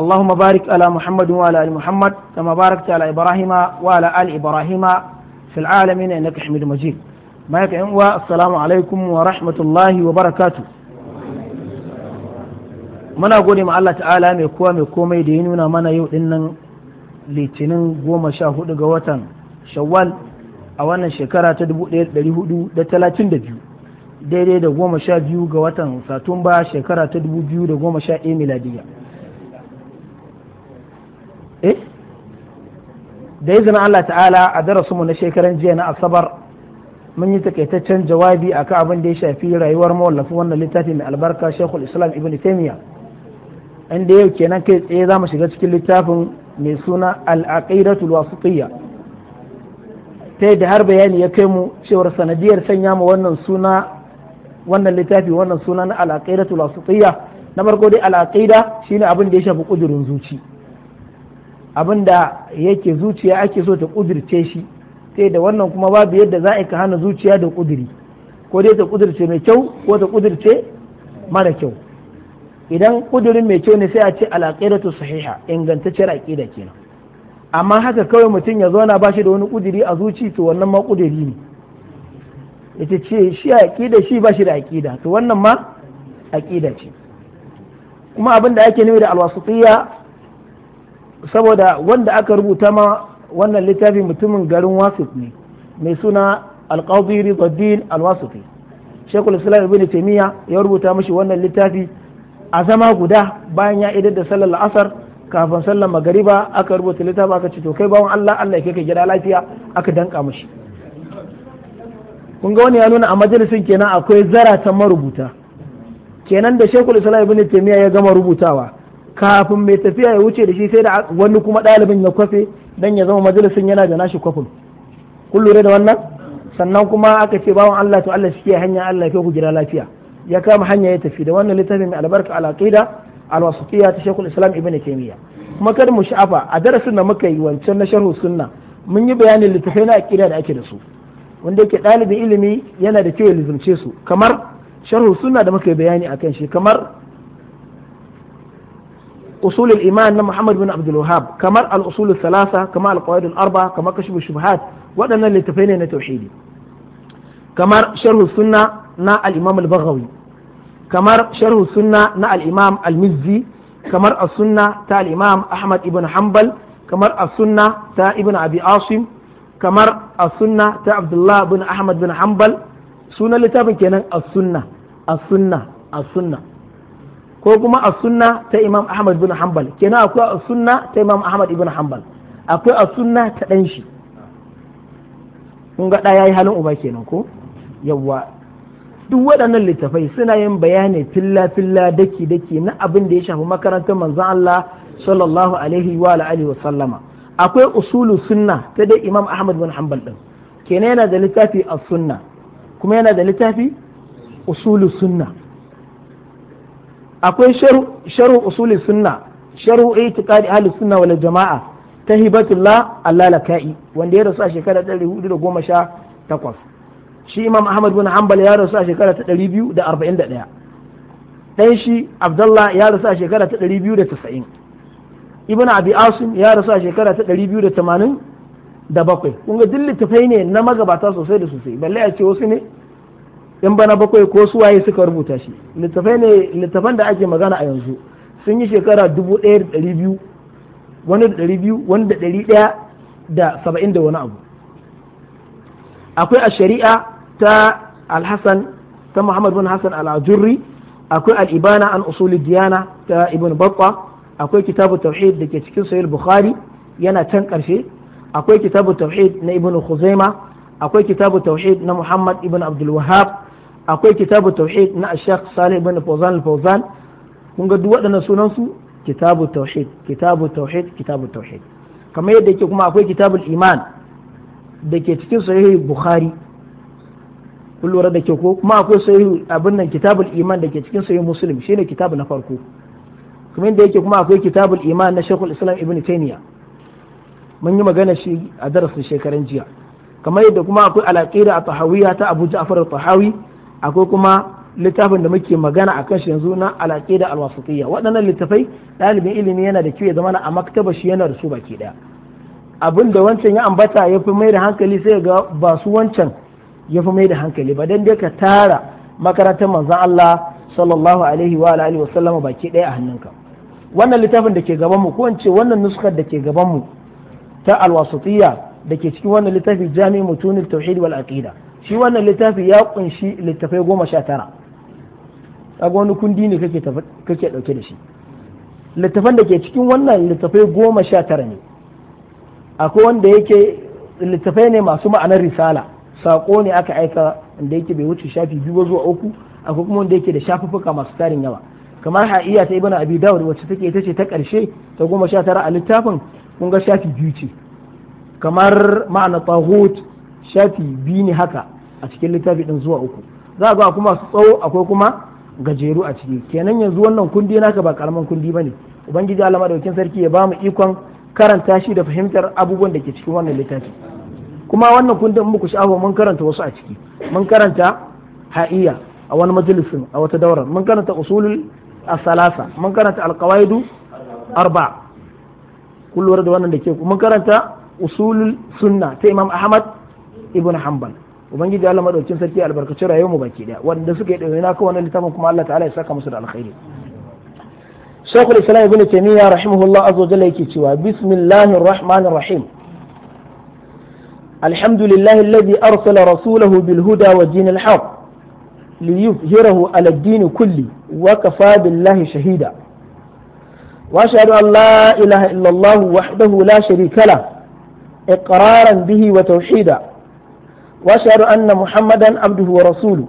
اللهم بارك على محمد وعلى ال محمد كما باركت على ابراهيم وعلى ال ابراهيم في العالمين انك حميد مجيد ما يكن السلام عليكم ورحمه الله وبركاته muna gode ma Allah ta'ala mai kowa mai komai da ya nuna mana yau dinnan litinin goma sha hudu ga watan shawwal a wannan shekara ta biyu daidai da goma sha biyu ga watan satumba shekara ta 2011 miladiyya Eh? da izinin Allah ta'ala a darasin mu na shekaran jiya na asabar mun yi takaitaccen jawabi akan abin da ya shafi rayuwar mawallafi wannan littafi mai albarka Sheikhul Islam Ibn Taymiyyah inda yau kenan kai tsaye za mu shiga cikin littafin mai suna al-aqidatul wasitiyya ta yadda har bayani ya kai mu cewar sanadiyar sanya mu wannan suna wannan littafi wannan suna na al-aqidatul wasitiyya na farko dai al-aqida shine abin da ya shafi kudurin zuci abin da yake zuciya ake so ta kudirce shi sai da wannan kuma babu yadda za a hana zuciya da kudiri ko dai ta kudirce mai kyau ko ta kudirce mara kyau idan kudirin mai kyau ne sai a ce ta sahiha ingantacciyar aƙida kenan amma haka kawai mutum ya zauna ba shi da wani kudiri a zuci to wannan ma kudiri ne yace ce shi aƙida shi ba shi da aƙida to wannan ma aƙida ce kuma abin da ake nufi da alwasitiyya saboda wanda aka rubuta ma wannan littafi mutumin garin wasif ne mai suna alƙawbiri ribaddin alwasifi shekul islam ibn taimiyya ya rubuta mashi wannan littafi a zama guda bayan ya idar da sallar la'asar kafin sallar magariba aka rubuta littafi aka ce to kai bawon allah allah ya kai gida lafiya aka danka mashi kun ga wani ya nuna a majalisin kenan akwai zara ta marubuta kenan da shekul islam ibn taimiyya ya gama rubutawa kafin mai tafiya ya wuce da shi sai da wani kuma ɗalibin ya kwafe dan ya zama majalisin yana da nashi kwafin kun lura da wannan sannan kuma aka ce bawan Allah to Allah shi hanya Allah ya ku gida lafiya ya kama hanya ya tafi da wannan littafin mai albarka al-aqida al-wasatiyya ta Sheikhul Islam Ibn Taymiyyah kuma kar mu sha'afa a darasin da muka yi wancan na sharhu sunna mun yi bayanin littafai na aqida da ake da su wanda yake ɗalibin ilimi yana da kyau ya lizumce su kamar sharhu sunna da muka yi bayani akan shi kamar usulul iman na Muhamad bin Abdul Wahhab kamar al usulun salasa kamar al arba kamar kashfu shubuhat waɗannan littafai ne na tauhidi kamar sharhu sunna na al imam al kamar sharhu sunna na al imam al mizzi kamar as sunna ta al imam Ahmad ibn hambal kamar as sunna ta ibn Abi kamar a sunna ta Abdullah bin Ahmad bin hambal sunan littafin kenan as sunna as sunna as sunna ko kuma a sunna ta imam ahmad bin hanbal kenan akwai a sunna ta imam ahmad ibn hanbal akwai a sunna ta ɗan shi kun ga ɗaya yi halin uba kenan ko yawwa duk waɗannan littafai suna yin bayani filla filla daki daki na abin da ya shafi makarantar manzon Allah sallallahu alaihi wa alihi wa sallama akwai usulu sunna ta dai imam ahmad bin hanbal din kenan yana da littafi as sunna kuma yana da littafi usulu sunna akwai sharu usuli sunna sharu itiqadi ahli sunna wal jama'a ta hibatullah allalaka'i wanda ya rasu a shekara takwas shi imam ahmad bin hanbal ya rasu a shekara ta 241 dan shi abdullah ya rasu a shekara ta 290 ibn abi asim ya rasu a shekara ta da 287 kun ga duk littafai ne na magabata sosai da sosai balle a ce wasu ne yan bana bakwai ko su waye suka rubuta shi littafai ne littafan da ake magana a yanzu sun yi shekara dubu ɗaya da ɗari biyu wani da ɗari biyu wani da ɗari ɗaya da saba'in da wani abu akwai a shari'a ta alhassan ta muhammad bin hassan al'ajurri akwai al'ibana an usuli diyana ta ibn bakwa akwai kitabu tauhid da ke cikin sahih bukhari yana can karshe akwai kitabu tauhid na ibn khuzaima akwai kitabu tauhid na muhammad ibn abdul wahab akwai kitabu tauhid na ashaq Salih ibn Fawzan al-Fawzan kun ga duk waɗannan sunan su kitabu tauhid kitabu tauhid kitabu tauhid kamar yadda yake kuma akwai kitabul iman da ke cikin sahih Bukhari kun lura da ke ko kuma akwai sahih abin nan kitabul iman da ke cikin sahih Muslim shine kitabu na farko kamar yadda yake kuma akwai kitabul iman na Sheikhul Islam Ibn taymiya mun yi magana shi a darasin shekaran jiya kamar yadda kuma akwai al-aqida at-tahawiyya ta Abu Ja'far at-Tahawi akwai kuma littafin da muke magana akan shi yanzu na alaƙe da alwasatiyya waɗannan littafai ɗalibin ilimi yana da kyau ya zama a maktaba shi yana da su baki ɗaya abin da wancan ya ambata ya fi mai da hankali sai ga ba su wancan ya fi mai da hankali ba dan dai ka tara makarantar manzon Allah sallallahu alaihi wa alihi wa sallama baki ɗaya a hannunka wannan littafin da ke gaban mu ko ce wannan nuskar da ke gaban mu ta alwasatiyya da ke cikin wannan littafi jami'u mutunil tauhid wal aqida shi wannan littafi ya kunshi littafai goma sha tara kaga wani kundi ne kake dauke da shi littafan da ke cikin wannan littafai goma sha tara ne akwai wanda yake littafai ne masu ma'anar risala saƙo ne aka aika da yake bai wuce shafi biyu ba zuwa uku akwai kuma wanda yake da shafuffuka masu tarin yawa kamar ha'iya ta ibana abi dawud wacce take ita ce ta karshe ta goma sha tara a littafin kun ga shafi biyu ce kamar ma'ana tahut shafi biyu ne haka a cikin littafi ɗin zuwa uku za a ga kuma tsawo akwai kuma gajeru a ciki kenan yanzu wannan kundi naka ba karaman kundi ba ne ubangiji Allah madaukakin sarki ya bamu ikon karanta shi da fahimtar abubuwan da ke cikin wannan littafi kuma wannan kundin muku sha'awa mun karanta wasu a ciki mun karanta ha'iya a wani majalisin a wata daurar mun karanta usulul asalasa mun karanta alqawaidu arba kullu da wannan da ke mun karanta usulul sunna ta imam ahmad ibn hanbal ubangiji Allah madaukin sarki albarkacin rayuwar mu baki daya wanda suka yi dawaina kan wannan littafin kuma Allah ta'ala ya saka musu da alkhairi Shaykhul Islam Ibn Taymiyyah rahimahullah azza jalla yake cewa bismillahir rahmanir rahim alhamdulillahi alladhi arsala rasulahu bil huda wa dinil haqq ليظهره على الدين كله وكفى بالله شهيدا shahida. ان لا اله الا الله وحده لا شريك له اقرارا به وتوحيدا وأشهد أن محمدا عبده ورسوله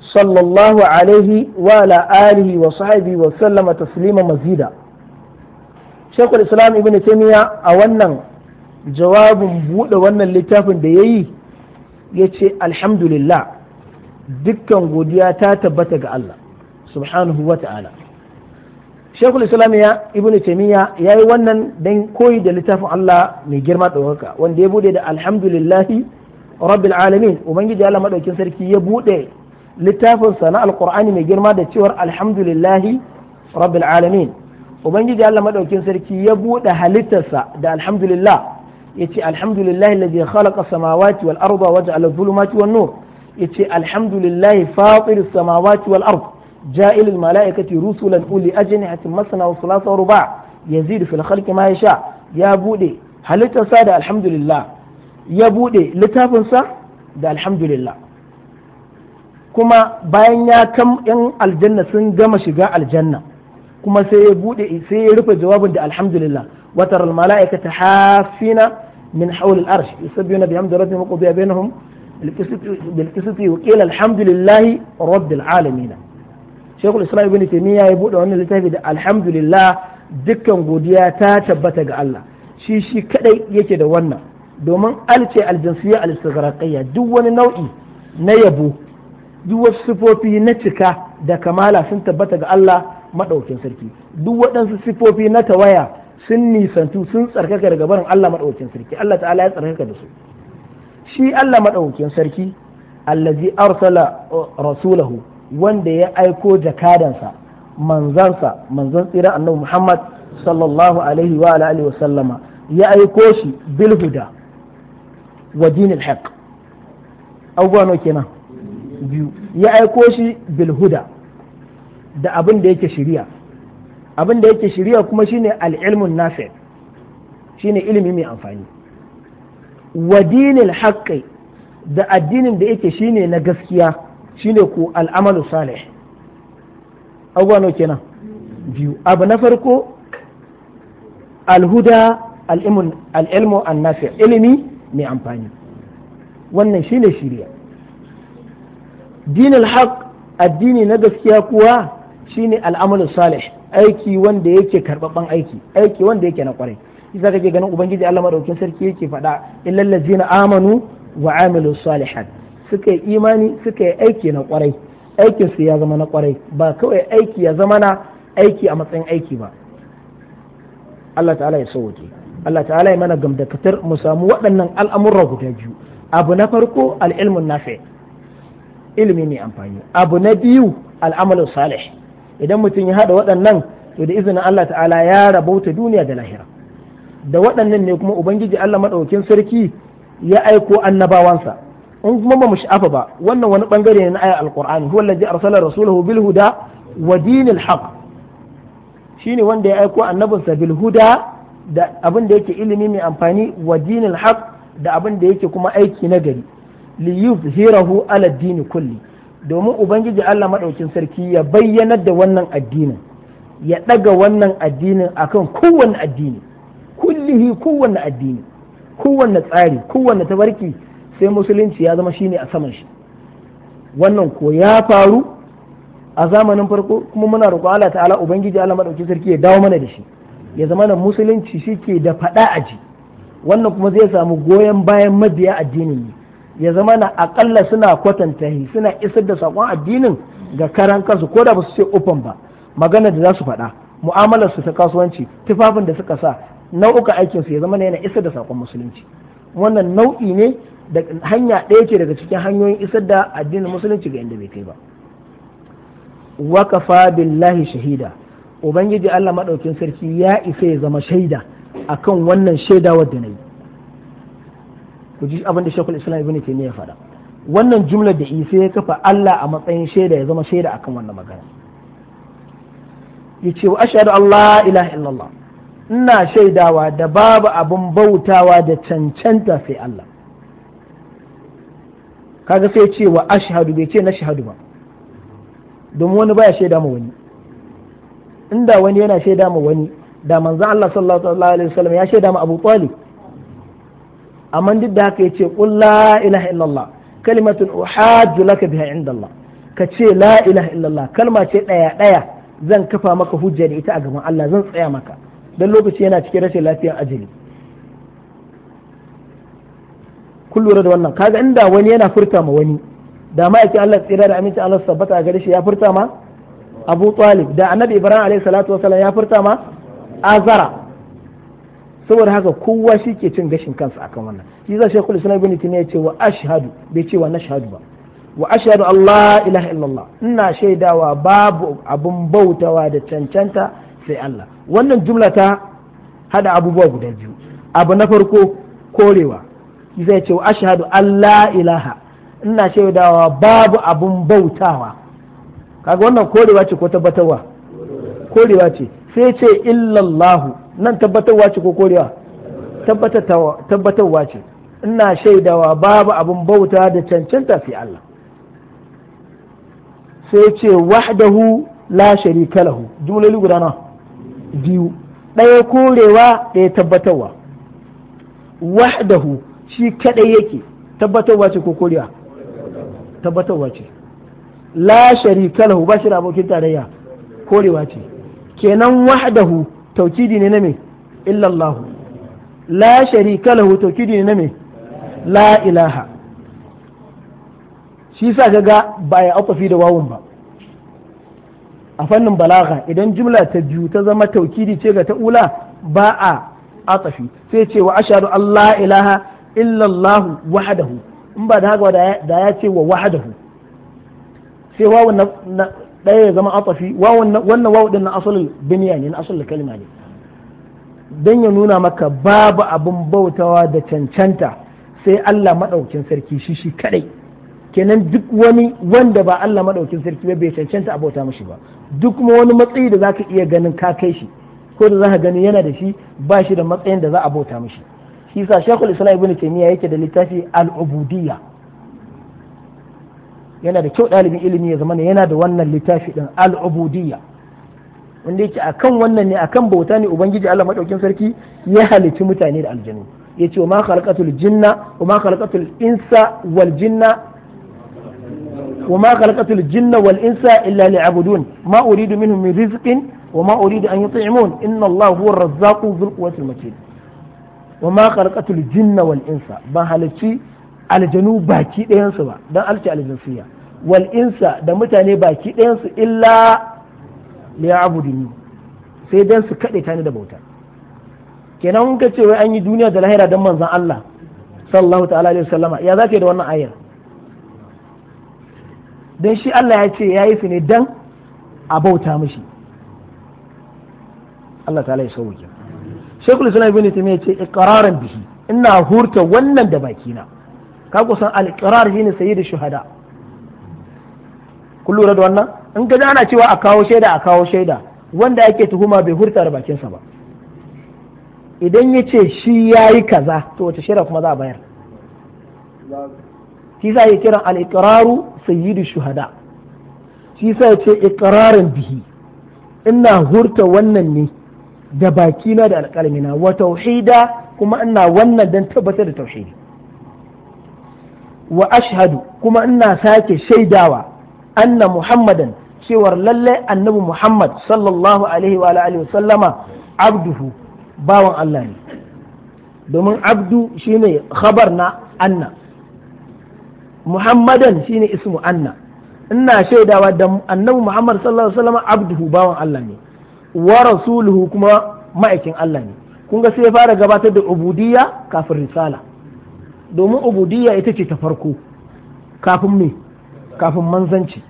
صلى الله عليه وعلى آله وصحبه وسلم تسليما مزيدا شيخ الإسلام ابن تيمية أولا جواب بود وانا littafin da yayi yace alhamdulillah dukkan godiya ta tabbata ga Allah subhanahu wa ta'ala shekul islam ya ibnu taymiya yayi wannan dan da littafin Allah mai girma ɗaukaka wanda ya buɗe da alhamdulillahi rabbil alamin ubangiji Allah madaukin sarki ya bude littafin sa na alqur'ani mai girma da cewar alhamdulillahi rabbil alamin ubangiji Allah madaukin sarki ya bude halittarsa da alhamdulillah yace alhamdulillahi alladhi khalaqa samawati wal arda waja'ala dhulumati wan nur yace alhamdulillahi fatiris samawati wal ard جائل الملائكة رسلا أولي أجنحة مثنى وثلاثة ورباع يزيد في الخلق ما يشاء يا بودي هل تساد الحمد لله ya buɗe littafinsa da alhamdulillah kuma bayan ya kam yan aljanna sun gama shiga aljanna kuma sai ya buɗe sai ya rufe jawabin da alhamdulillah watar ta hafina min hawl al-arsh yusabbihuna bihamdi rabbihim wa qudiya bainahum بالقسط وقيل الحمد لله رب العالمين شيخ الاسلام ابن تيميه ya buɗe wannan littafi da alhamdulillah dukkan godiya ta tabbata ga Allah shi shi kadai yake da wannan domin alce aljinsiyya alistagarakayya duk wani nau'i na yabo duk wasu sifofi na cika da kamala sun tabbata ga Allah maɗaukin sarki duk waɗansu sifofi na tawaya sun nisantu sun tsarkaka daga barin Allah maɗaukin sarki Allah ta'ala ya tsarkaka da su shi Allah maɗaukin sarki allazi arsala uh, rasulahu wanda ya aiko jakadansa manzansa manzan tsira annabi Muhammad sallallahu alaihi wa alihi wa sallama ya aiko shi bilhuda wa dinil haqq abubuwa nawa kenan biyu ya aiko shi bilhuda da abin da yake shiriya abin da yake shiriya kuma shine al'ilmun nafi shine ilimi mai amfani wa dinil da addinin da yake shine na gaskiya shine ku al'amalu salih abubuwa nawa kenan biyu abu na farko alhuda al'ilmun ilimi mai amfani wannan shine shirya dinin haq addini na gaskiya kuwa shine al'amalu salih aiki wanda yake karbabban aiki aiki wanda yake na kwarai isa kake ganin ubangiji Allah madaukin sarki yake faɗa illal ladzina amanu wa amilu salihat suka yi imani suka yi aiki na kwarai aikin su ya zama na kwarai ba kawai aiki ya zama na aiki a matsayin aiki ba Allah ta'ala ya sauke Allah ta'ala ya mana gamdakatar mu samu waɗannan al'amurra guda biyu abu na farko al'ilmun nafi ilimi ne amfani abu na biyu al'amalin salih idan mutum ya haɗa waɗannan to da izinin Allah ta'ala ya rabauta duniya da lahira da waɗannan ne kuma ubangiji Allah maɗaukin sarki ya aiko annabawansa in kuma ba mu sha'afa ba wannan wani bangare ne na ayar alqur'ani huwa allazi arsala rasulahu bil huda wa dinil haqq shine wanda ya aiko annabinsa bil huda da abin da yake ilimi mai amfani wa dinil haq da abin da yake kuma aiki na gari li yuzhirahu ala dini kulli domin ubangiji Allah madaukin sarki ya bayyanar da wannan addinin ya daga wannan addinin akan kowanne addini kullihi kowanne addini kowanne tsari kowanne tabarki sai musulunci ya zama shine a saman shi wannan ko ya faru a zamanin farko kuma muna roƙo Allah ta'ala ubangiji Allah madaukin sarki ya dawo mana da shi ya zama na musulunci shike da faɗa a ji wannan kuma zai samu goyon bayan mabiya addinin ne ya zama na akalla suna kwatanta suna isar da sakon addinin ga karan kansu ko da ba su ce ufan ba magana da za su faɗa mu'amalar su ta kasuwanci tufafin da suka sa nau'uka aikinsu. ya zama yana isar da sakon musulunci wannan nau'i ne da hanya ɗaya ce daga cikin hanyoyin isar da addinin musulunci ga inda bai kai ba wakafa billahi shahida ubangiji Allah maɗaukin sarki ya isa ya zama shaida akan wannan shaida wadda na yi ku ji abin da shekul islam ibn taymiya ya faɗa wannan jumlar da isa ya kafa Allah a matsayin shaida ya zama shaida akan wannan magana yace wa ashhadu Allah ilaha illallah ina shaidawa da babu abin bautawa da cancanta sai Allah kaga sai ce wa ashhadu bai ce na shahadu ba domin wani baya shaida ma wani inda wani yana shaida ma wani da manzo Allah sallallahu alaihi wasallam ya shaida ma Abu Talib amma duk da haka yace qul la ilaha illallah kalimatun uhajju laka biha inda Allah ka ce la ilaha illallah kalma ce daya daya zan kafa maka hujja da ita a gaban Allah zan tsaya maka dan lokaci yana cikin rashin lafiyar ajali kun lura da wannan kaga inda wani yana furta ma wani da ma'aikin Allah tsira da aminci Allah sabbata a gare shi ya furta ma abu talib da annabi ibrahim alaihi salatu wasallam ya furta ma azara saboda haka kowa shi ke cin gashin kansa akan wannan shi za shekul islam ibn ya ce wa ashhadu bai ce wa nashhadu ba wa ashhadu allah ilaha illallah ina shaidawa babu abun bautawa da cancanta sai allah wannan jumla ta hada abubuwa guda biyu abu na farko korewa zai ce wa ashhadu allah ilaha ina shaidawa babu abun bautawa kaga wannan korewa ce ko tabbatarwa korewa ce sai ce illallahu nan tabbatarwa ce ko korewa tabbatarwa ce ina shaidawa babu abin bauta da cancanta fi Allah sai ce wahdahu la sharika lahu jumloli guda na biyu ɗaya korewa ɗaya tabbatarwa wahdahu shi kaɗai yake tabbatarwa ce ko korewa tabbatarwa ce la sharika lahu ba shi da abokin tarayya korewa ce kenan wahdahu tawkidi ne na me illa Allah la sharika lahu tawkidi ne na me la ilaha shi sa kaga ba ya atafi da wawun ba a fannin balagha idan jumla ta biyu ta zama tawkidi ce ga ula ba a atafi sai ce wa ashadu Allah ilaha illa Allah wahdahu in ba da haka da ya ce wa wahdahu sai wawun na ɗaya ya zama atafi wawun wannan wawu din na asalul biniya ne na asalul kalima ne don ya nuna maka babu abin bautawa da cancanta sai Allah maɗaukin sarki shi shi kadai kenan duk wani wanda ba Allah maɗaukin sarki ba bai cancanta a bauta mashi ba duk kuma wani matsayi da zaka iya ganin ka kai shi ko da zaka gani yana da shi ba shi da matsayin da za a bauta mashi shi sa Sheikhul Islam Ibn Taymiyyah yake da littafi al yana da kyau ɗalibin ilimi ya zama yana da wannan littafi din al'ubudiyya wanda yake akan wannan ne akan bauta ne ubangiji Allah madaukin sarki ya halici mutane da aljanu yace wa ma khalaqatul jinna wa ma khalaqatul insa wal jinna wa ma khalaqatul jinna wal insa illa liya'budun ma uridu minhum min rizqin wa ma uridu an yut'imun inna Allah huwa ar-razzaqu dhul quwwati al-matin wa ma khalaqatul jinna wal insa ba halici aljanu baki ɗayansu ba don alci aljinsiya wal insa da mutane baki ɗayansu illa liya ni sai dan su kaɗe ta ni da bauta kenan kun kace wai an yi duniya da lahira don manzan Allah sallallahu ta'ala alaihi wasallama ya za da wannan ayar dan shi Allah ya ce ya yi su ne dan a bauta mishi Allah ta'ala ya sauke Shekul Islam Ibn Taymiyyah ce iqraran bihi ina hurta wannan da baki na. ka kusan alƙirar ne sayi da shuhada kun lura da wannan in ka ana cewa a kawo shaida a kawo shaida wanda ake tuhuma bai hurta da bakinsa ba idan ya ce shi ya yi kaza to wace shaida kuma za a bayar shi sa ya kiran sayi sayidu shuhada shi sa ya ce ikirarin bihi ina hurta wannan ne da bakina da alƙalmina wa tauhida kuma ina wannan don tabbatar da tauhidi wa ashhadu kuma ina sake shaidawa anna muhammadan cewar lallai annabi muhammad sallallahu alaihi wa alihi wa sallama abduhu bawan Allah ne domin abdu shine khabar na anna muhammadan shine ismu anna ina shaidawa da annabi muhammad sallallahu alaihi wasallam abduhu bawan Allah ne wa rasuluhu kuma ma'aikin Allah ne kun ga sai ya fara gabatar da ubudiyya kafin risala domin ubudiyya ita ce ta farko kafin me kafin manzanci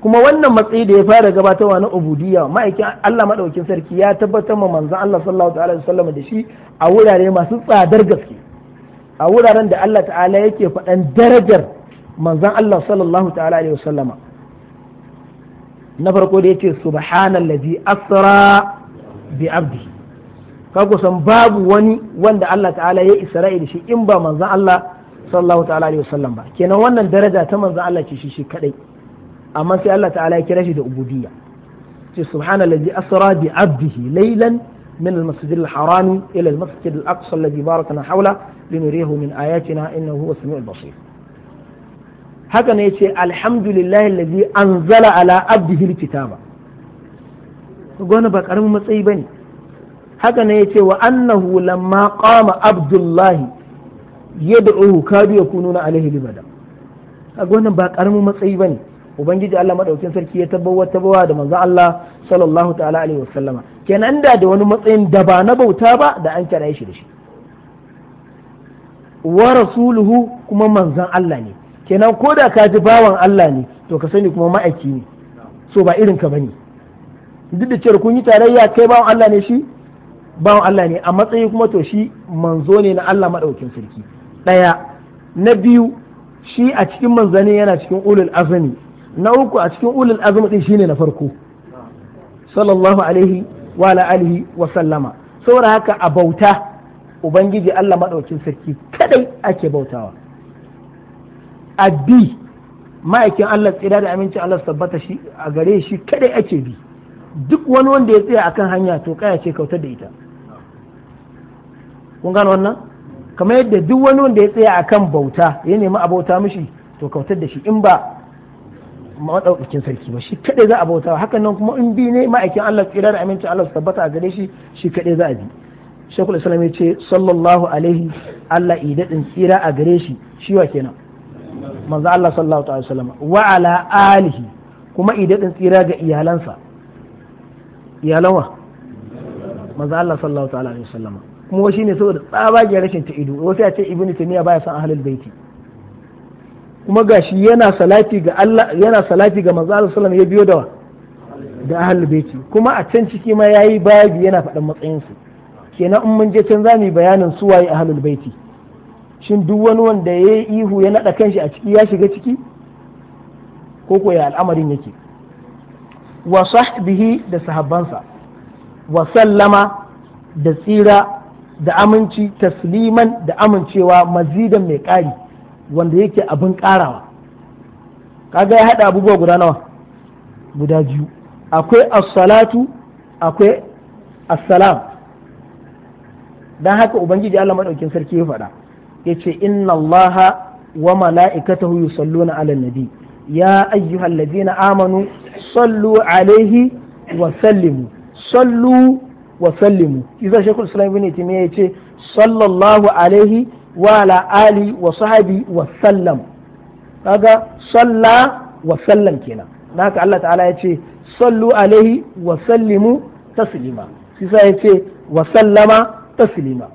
kuma wannan matsayi da ya fara gabatarwa na ubudiyya ma'aikin Allah madaukakin sarki ya tabbatar ma manzon Allah sallallahu alaihi wasallam da shi a wurare masu tsadar gaske a wuraren da Allah ta'ala yake faɗan darajar manzon Allah sallallahu ta'ala alaihi wasallama na farko da yace subhanallazi asra bi abdihi kaku san babu wani wanda Allah ta'ala ya isra'ili shi in ba manzan Allah sallallahu ta'ala alaihi wasallam ba kenan wannan daraja ta manzan Allah ce shi kadai amma sai Allah ta'ala ya kira shi da ubudiyya ce subhanallazi asra bi abdihi laylan min al-masjid al-haram ila al-masjid al-aqsa alladhi barakana hawla linurihu min ayatina innahu huwa samiul basir haka ne yace alhamdulillah alladhi anzala ala abdihi al-kitaba gona ba karamin matsayi ne. haka ne yace wa annahu lamma qama abdullahi ya kadu na alaihi libada kaga wannan ba karamin matsayi bane ubangiji Allah madaukin sarki ya tabbawa bawa da manzo Allah sallallahu ta'ala alaihi wasallama kenan da da wani matsayin da ba na bauta ba da an kira shi da shi wa rasuluhu kuma manzon Allah ne kenan ko da ka ji bawan Allah ne to ka sani kuma ma'aiki ne so ba irin ka bane duk da cewa kun yi tarayya kai bawan Allah ne shi bawan Allah ne a matsayi kuma to shi manzo ne na Allah maɗaukin sarki ɗaya na biyu shi a cikin manzani yana cikin ulul azumi na uku a cikin ulul azumi shi ne na farko sallallahu alaihi wa alihi wa sallama saboda haka a bauta ubangiji Allah maɗaukin sarki kadai ake bautawa a bi ma'aikin Allah tsira da aminci Allah tabbata shi a gare shi kadai ake bi duk wani wanda ya tsaya akan hanya to kaya ce kautar da ita kun gano wannan kamar yadda duk wani wanda ya tsaya akan bauta ya nemi a bauta mishi to kautar da shi in ba maɗaukakin sarki ba shi kaɗai za a bauta hakan nan kuma in bi ne ma'aikin Allah tsira da amincin Allah su tabbata a gare shi shi kaɗai za a bi shekul islam ya ce sallallahu alaihi Allah idadin tsira a gare shi shi wa kenan manzo Allah sallallahu alaihi wasallam wa ala alihi kuma idadin tsira ga iyalansa iyalan wa manzo Allah sallallahu alaihi wasallam kuma shi ne saboda tsabagen rashin ta ido wasu ya ce ibnu taymiya baya son ahlul baiti kuma gashi yana salati ga Allah yana salati ga manzo Allah ya biyo da da ahlul baiti kuma a can ciki ma yayi babi yana faɗan matsayin su kenan in mun je can zamu bayanin su waye ahlul baiti shin duk wani wanda ya yi ihu ya nada kanshi a ciki ya shiga ciki ko ko ya al'amarin yake wa sahbihi da sahabbansa wa sallama da tsira da aminci tasliman da amincewa mazidan mai ƙari wanda yake abin ƙarawa kaga ya haɗa abubuwa guda nawa guda biyu akwai as-salatu akwai as-salam dan haka ubangiji Allah madaukin sarki ya faɗa yace inna allaha wa mala'ikatahu yusalluna ala nabi ya ladina amanu sallu alaihi wa sallimu sallu wa sallimu iza shekul islam ibn taymiya yace sallallahu alaihi wa ala wa sahabi wa sallam kaga salla wa sallam kenan haka Allah ta'ala yace sallu alaihi wa sallimu taslima sisa yace wa sallama taslima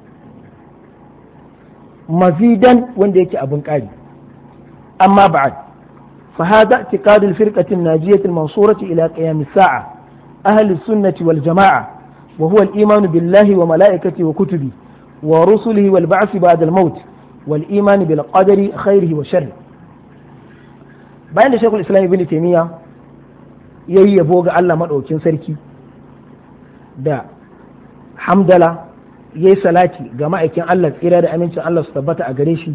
mazidan wanda yake abin ƙari amma ba'ad fa hada i'tiqadul firqati an-najiyati al-mansurati ila qiyam as ahli sunnati wal jama'a wa وهو الإيمان بالله وملائكته وكتبه ورسله والبعث بعد الموت والإيمان بالقدر wa وشره bayan da shekul islam ibn taimiyya ya yi yabo ga allah maɗaukin sarki da hamdala ya yi salati ga ma'aikin allah tsira da amincin allah su tabbata a gare shi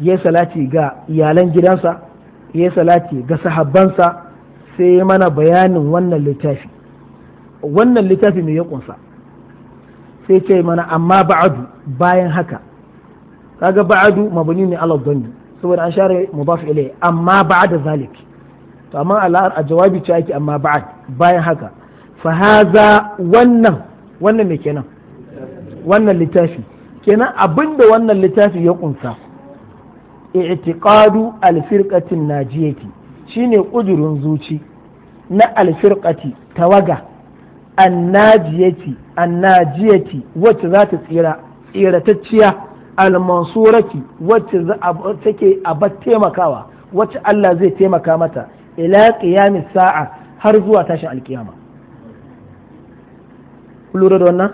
ya yi salati ga iyalan gidansa ya yi salati ga sahabbansa sai mana bayanin wannan littafi wannan littafi mai ya kunsa sai ce mana amma ba'adu bayan haka kaga ba'adu mabuni ne ala dhanni saboda an share mudaf ilai amma ba'da zalik to amma a jawabi ce ake amma ba'ad bayan haka fa haza wannan wannan me kenan wannan littafi kenan abinda wannan littafi ya kunsa i'tiqadu al-firqati najiyati shine kudurin zuci na alfirqati tawaga annajiyati annajiyati wacce za ta tsira tsiratacciya almansurati wacce take abar taimakawa wacce Allah zai taimaka mata ila qiyamis sa'a har zuwa tashin alkiyama lura da wannan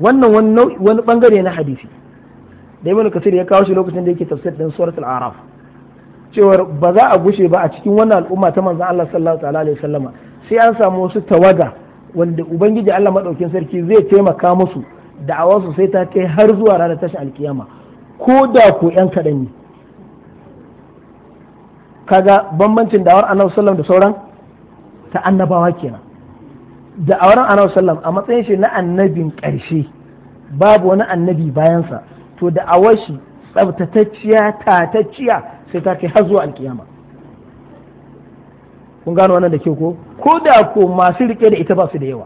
wannan wani bangare na hadisi da ibn kasir ya kawo shi lokacin da yake tafsir din suratul araf cewar ba za a gushe ba a cikin wannan al'umma ta manzon Allah sallallahu alaihi wasallama sai an samu wasu tawaga wanda ubangiji Allah maɗaukin sarki zai taimaka musu da'awarsu sai ta kai har zuwa ranar tashin alkiyama ko da ku yan kaɗan ne kaga bambancin da'awar annabi sallam da sauran ta annabawa kenan da'awar annabi sallam a matsayin shi na annabin ƙarshe babu wani annabi bayansa to da'awar shi tsabtatacciya tatacciya sai ta kai har zuwa alkiyama kun gano wannan da ke ko ko da ko masu rike da ita ba su da yawa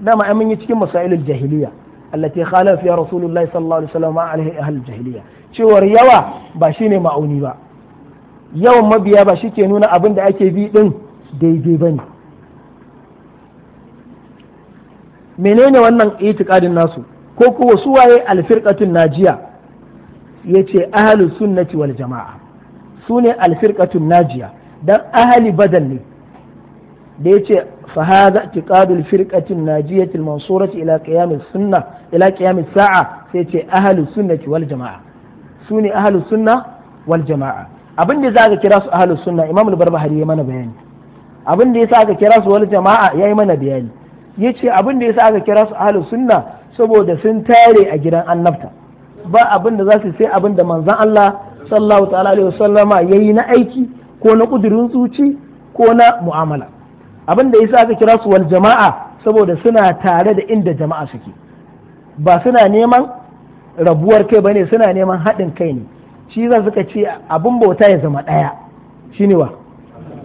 dama ai mun yi cikin masailul jahiliya allati khala fiya rasulullahi sallallahu alaihi wasallam alaihi ahl jahiliya cewar yawa ba shine ma'auni ba yawan mabiya ba shike nuna abin da ake bi din daidai bane menene wannan itikadin nasu ko kuwa suwaye alfirqatun najiya yace ahlus sunnati wal jamaa sune alfirqatun najiya dan ahali badal ne da yace fa hadha i'tiqadul firqatin najiyatil mansurati ila qiyam sunna ila qiyam sa'a sai ce ahli sunnati wal jamaa su ne ahli sunna wal jamaa abin da za ka kira su ahli sunna imam al-barbahari ya mana bayani abin da yasa ka kira su wal jamaa yayi mana bayani yace abin da yasa ka kira su ahli sunna saboda sun tare a gidan annabta ba abin da za su sai abin da manzon Allah sallallahu ta'ala alaihi wasallama yayi na aiki ko na ƙudurin zuci ko na mu'amala abin da yasa aka kira su wal jama'a saboda suna tare da inda jama'a suke ba suna neman rabuwar kai bane suna neman haɗin kai ne shi za suka ce abin bauta ya zama ɗaya shine wa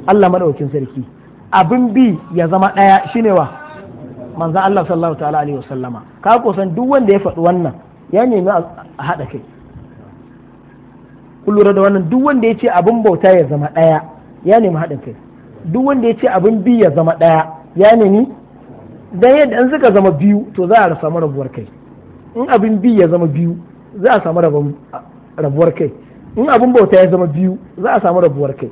Allah madaukakin sarki abin bi ya zama ɗaya shine wa manzon Allah sallallahu ta'ala alaihi wasallama ka duk wanda ya faɗi wannan ya nemi a haɗa kai kun lura da wannan duk wanda ya ce abin bauta ya zama ɗaya ya nemi haɗin kai duk wanda ya ce abin bi ya zama ɗaya ya nemi dan yadda in suka zama biyu to za a samu rabuwar kai in abin bi ya zama biyu za a samu rabuwar kai in abin bauta ya zama biyu za a samu rabuwar kai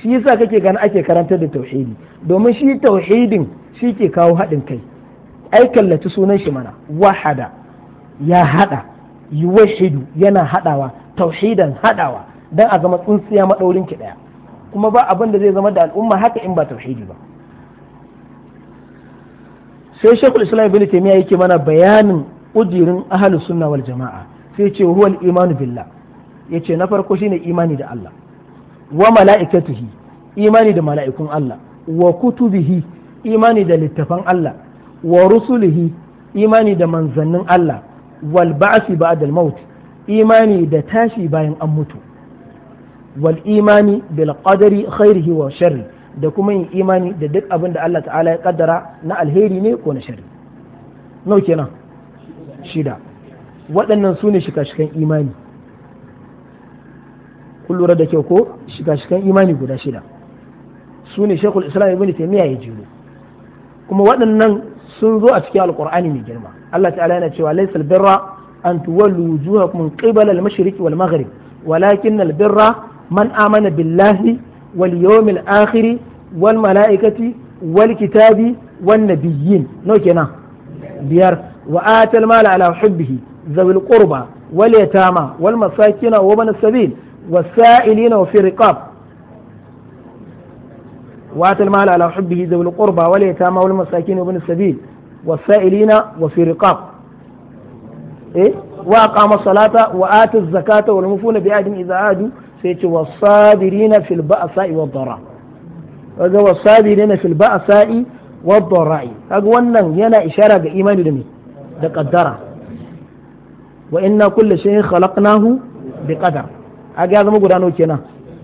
shi yasa kake gani ake karantar da tauhidi domin shi tauhidin shi ke kawo haɗin kai ai kallaci sunan shi mana wahada ya haɗa yuwahidu yana haɗawa tauhidan hadawa dan a zama tsintsiya madaurin ki ɗaya. kuma ba abin da zai zama da al'umma haka in ba tauhidi ba sai shekul islam ibn taymiya yake mana bayanin ƙudirin ahlus sunna wal jama'a sai ce huwa al billah yace na farko shine imani da Allah wa mala'ikatihi imani da mala'ikun Allah wa kutubihi imani da littafan Allah wa rusulihi imani da manzannin Allah wal ba'si ba'da al maut imani da tashi bayan an mutu wal imani bil qadari khairihi wa sharri da kuma yin imani da duk abin da Allah ta'ala ya kaddara na alheri ne ko na sharri nau kenan shida waɗannan su ne shika-shikan imani kun lura da kyau ko shika-shikan imani guda shida su ne shekul islam ibn taymiya ya jiro kuma waɗannan sun zo a cikin Alƙur'ani mai girma Allah ta'ala yana cewa laysal birra an tuwallu wujuhakum min qibal al-mashriq wal maghrib walakin al-birra man amana billahi wal yawmil akhir wal malaikati wal kitabi wan nabiyyin no kenan biyar wa atal ala qurba wa man والسائلين وفي رقاب المال على حبه ذوي القربى واليتامى والمساكين وابن السبيل والسائلين وفي رقاب eh wa aqama salata wa ata zakata wal mufuna bi ahdin idza adu sai ce wasabirina fil ba'sa'i wad dara kaga wasabirina fil ba'sa'i wad dara'i kaga wannan yana ishara ga imani da me da qaddara wa inna kulli shay'in khalaqnahu bi qadar ya zama gudano kenan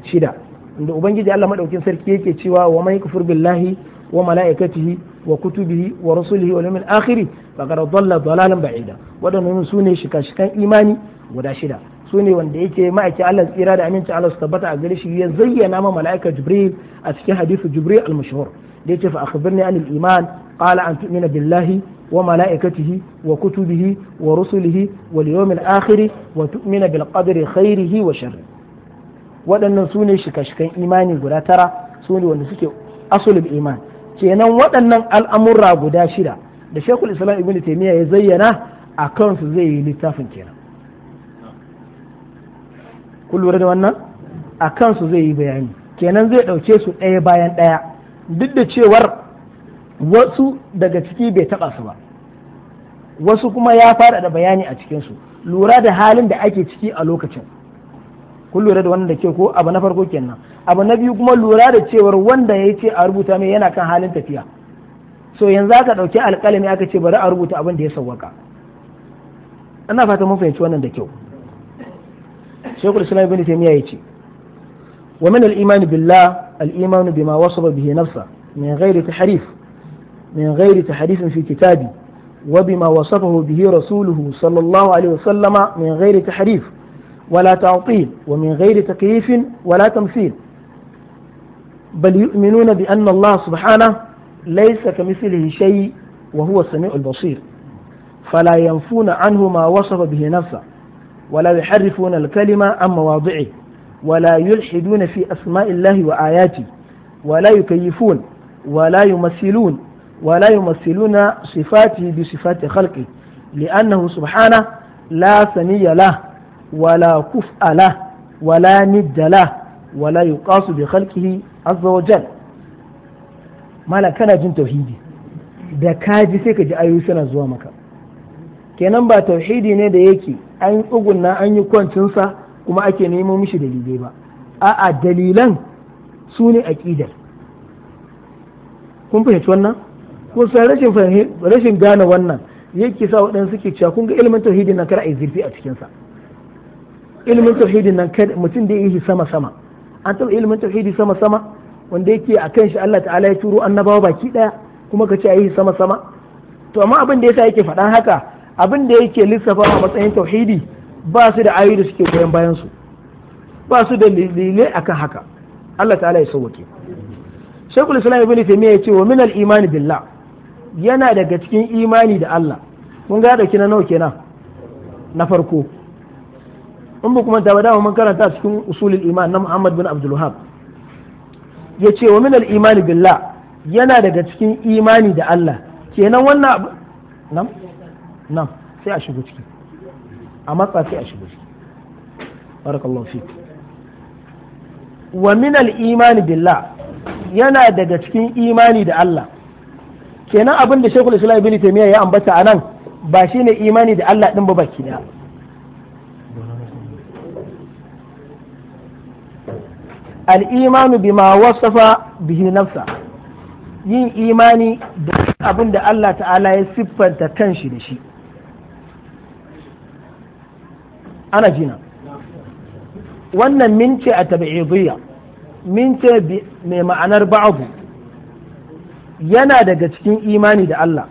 shida inda ubangiji Allah madaukin sarki yake cewa wa man yakfur billahi wa malaikatihi وكتبه ورسله واليوم الآخر فقد ضل ضلالا بعيدا ودن سوني شكا شكا إيماني ودا شدا sune wanda yake ma'aiki Allah tsira da aminci Allah su tabbata a gare shi zayyana ma mala'ika Jibril a cikin hadithu Jibril al-mashhur da yake fa akhbirni anil iman qala an tu'mina billahi wa mala'ikatihi wa kutubihi wa rusulihi wal yawmil akhir wa tu'mina bil qadri khairihi wa sharri waɗannan sune shika-shikan imani guda tara sune wanda suke asulul iman kenan waɗannan al'amurra guda shida da shekul islam ibn taimiyya ya zayyana a kansu zai yi littafin kenan lura da wannan a kansu zai yi bayani kenan zai ɗauke su ɗaya bayan ɗaya duk da cewar wasu daga ciki bai taɓa su ba wasu kuma ya fara da bayani a cikinsu lura da halin da ake ciki a lokacin kun lura da wannan da ke ko abu na farko kenan abu na biyu kuma lura da cewar wanda ya ce a rubuta mai yana kan halin tafiya so yanzu aka ɗauki alƙalami aka ce bari a rubuta abin da ya sawwaka ana fata mun fahimci wannan da kyau shekul islam ibn taymiya yace wa min al-iman billah al-iman bima wasaba bihi nafsa min ghairi tahrif min ghairi tahrif fi kitabi وبما وصفه به رسوله صلى الله عليه وسلم من غير تحريف ولا تعطيل ومن غير تكييف ولا تمثيل بل يؤمنون بأن الله سبحانه ليس كمثله شيء وهو السميع البصير فلا ينفون عنه ما وصف به نفسه ولا يحرفون الكلمة عن مواضعه ولا يلحدون في أسماء الله وآياته ولا يكيفون ولا يمثلون ولا يمثلون صفاته بصفات خلقه لأنه سبحانه لا ثني له ولا كفء له ولا ند له ولا يقاس بخلقه عز وجل mala kana jin tauhidi da ka ji sai ka ji ayoyi suna zuwa maka kenan ba tauhidi ne da yake an yi tsugunna an yi kwancinsa kuma ake nemo mishi dalilai ba a'a dalilan su ne aƙidar kun fahimci wannan kun san rashin rashin gane wannan yake sa waɗansu suke cewa kun ga ilimin tauhidi na kar a yi zurfi a cikinsa ilimin tauhidin nan mutum da yi sama sama an taɓa ilimin tauhidi sama sama wanda yake a kan shi Allah ta'ala ya turo annabawa baki ɗaya kuma ka ce a yi sama sama to amma abin da yasa yake faɗan haka abin da yake lissafa a matsayin tauhidi ba su da ayoyi suke goyon bayan su ba su da lile akan haka Allah ta'ala ya sauke. Shaykhul Islam Ibn Taymiyyah ya ce wa min al-iman billah yana daga cikin imani da Allah mun ga da kina nawa kenan na farko in ba kuma tabbata mun karanta cikin usulul iman na Muhammad bin Abdul Wahhab yace wa min al-iman billah yana daga cikin imani da Allah kenan wannan nam nam sai a shigo ciki a matsa sai a shigo ciki barakallahu fik wa min al-iman billah yana daga cikin imani da Allah kenan abin da Sheikhul Islam Ibn Taymiyyah ya ambata anan ba shine imani da Allah din ba baki daya al'imanu bima wasafa bihi nafsa yin imani da abin da Allah ta'ala ya siffanta kanshi da shi ana jina wannan mince a tabi'idiyya mince mai ma'anar ba'abu yana daga cikin imani da Allah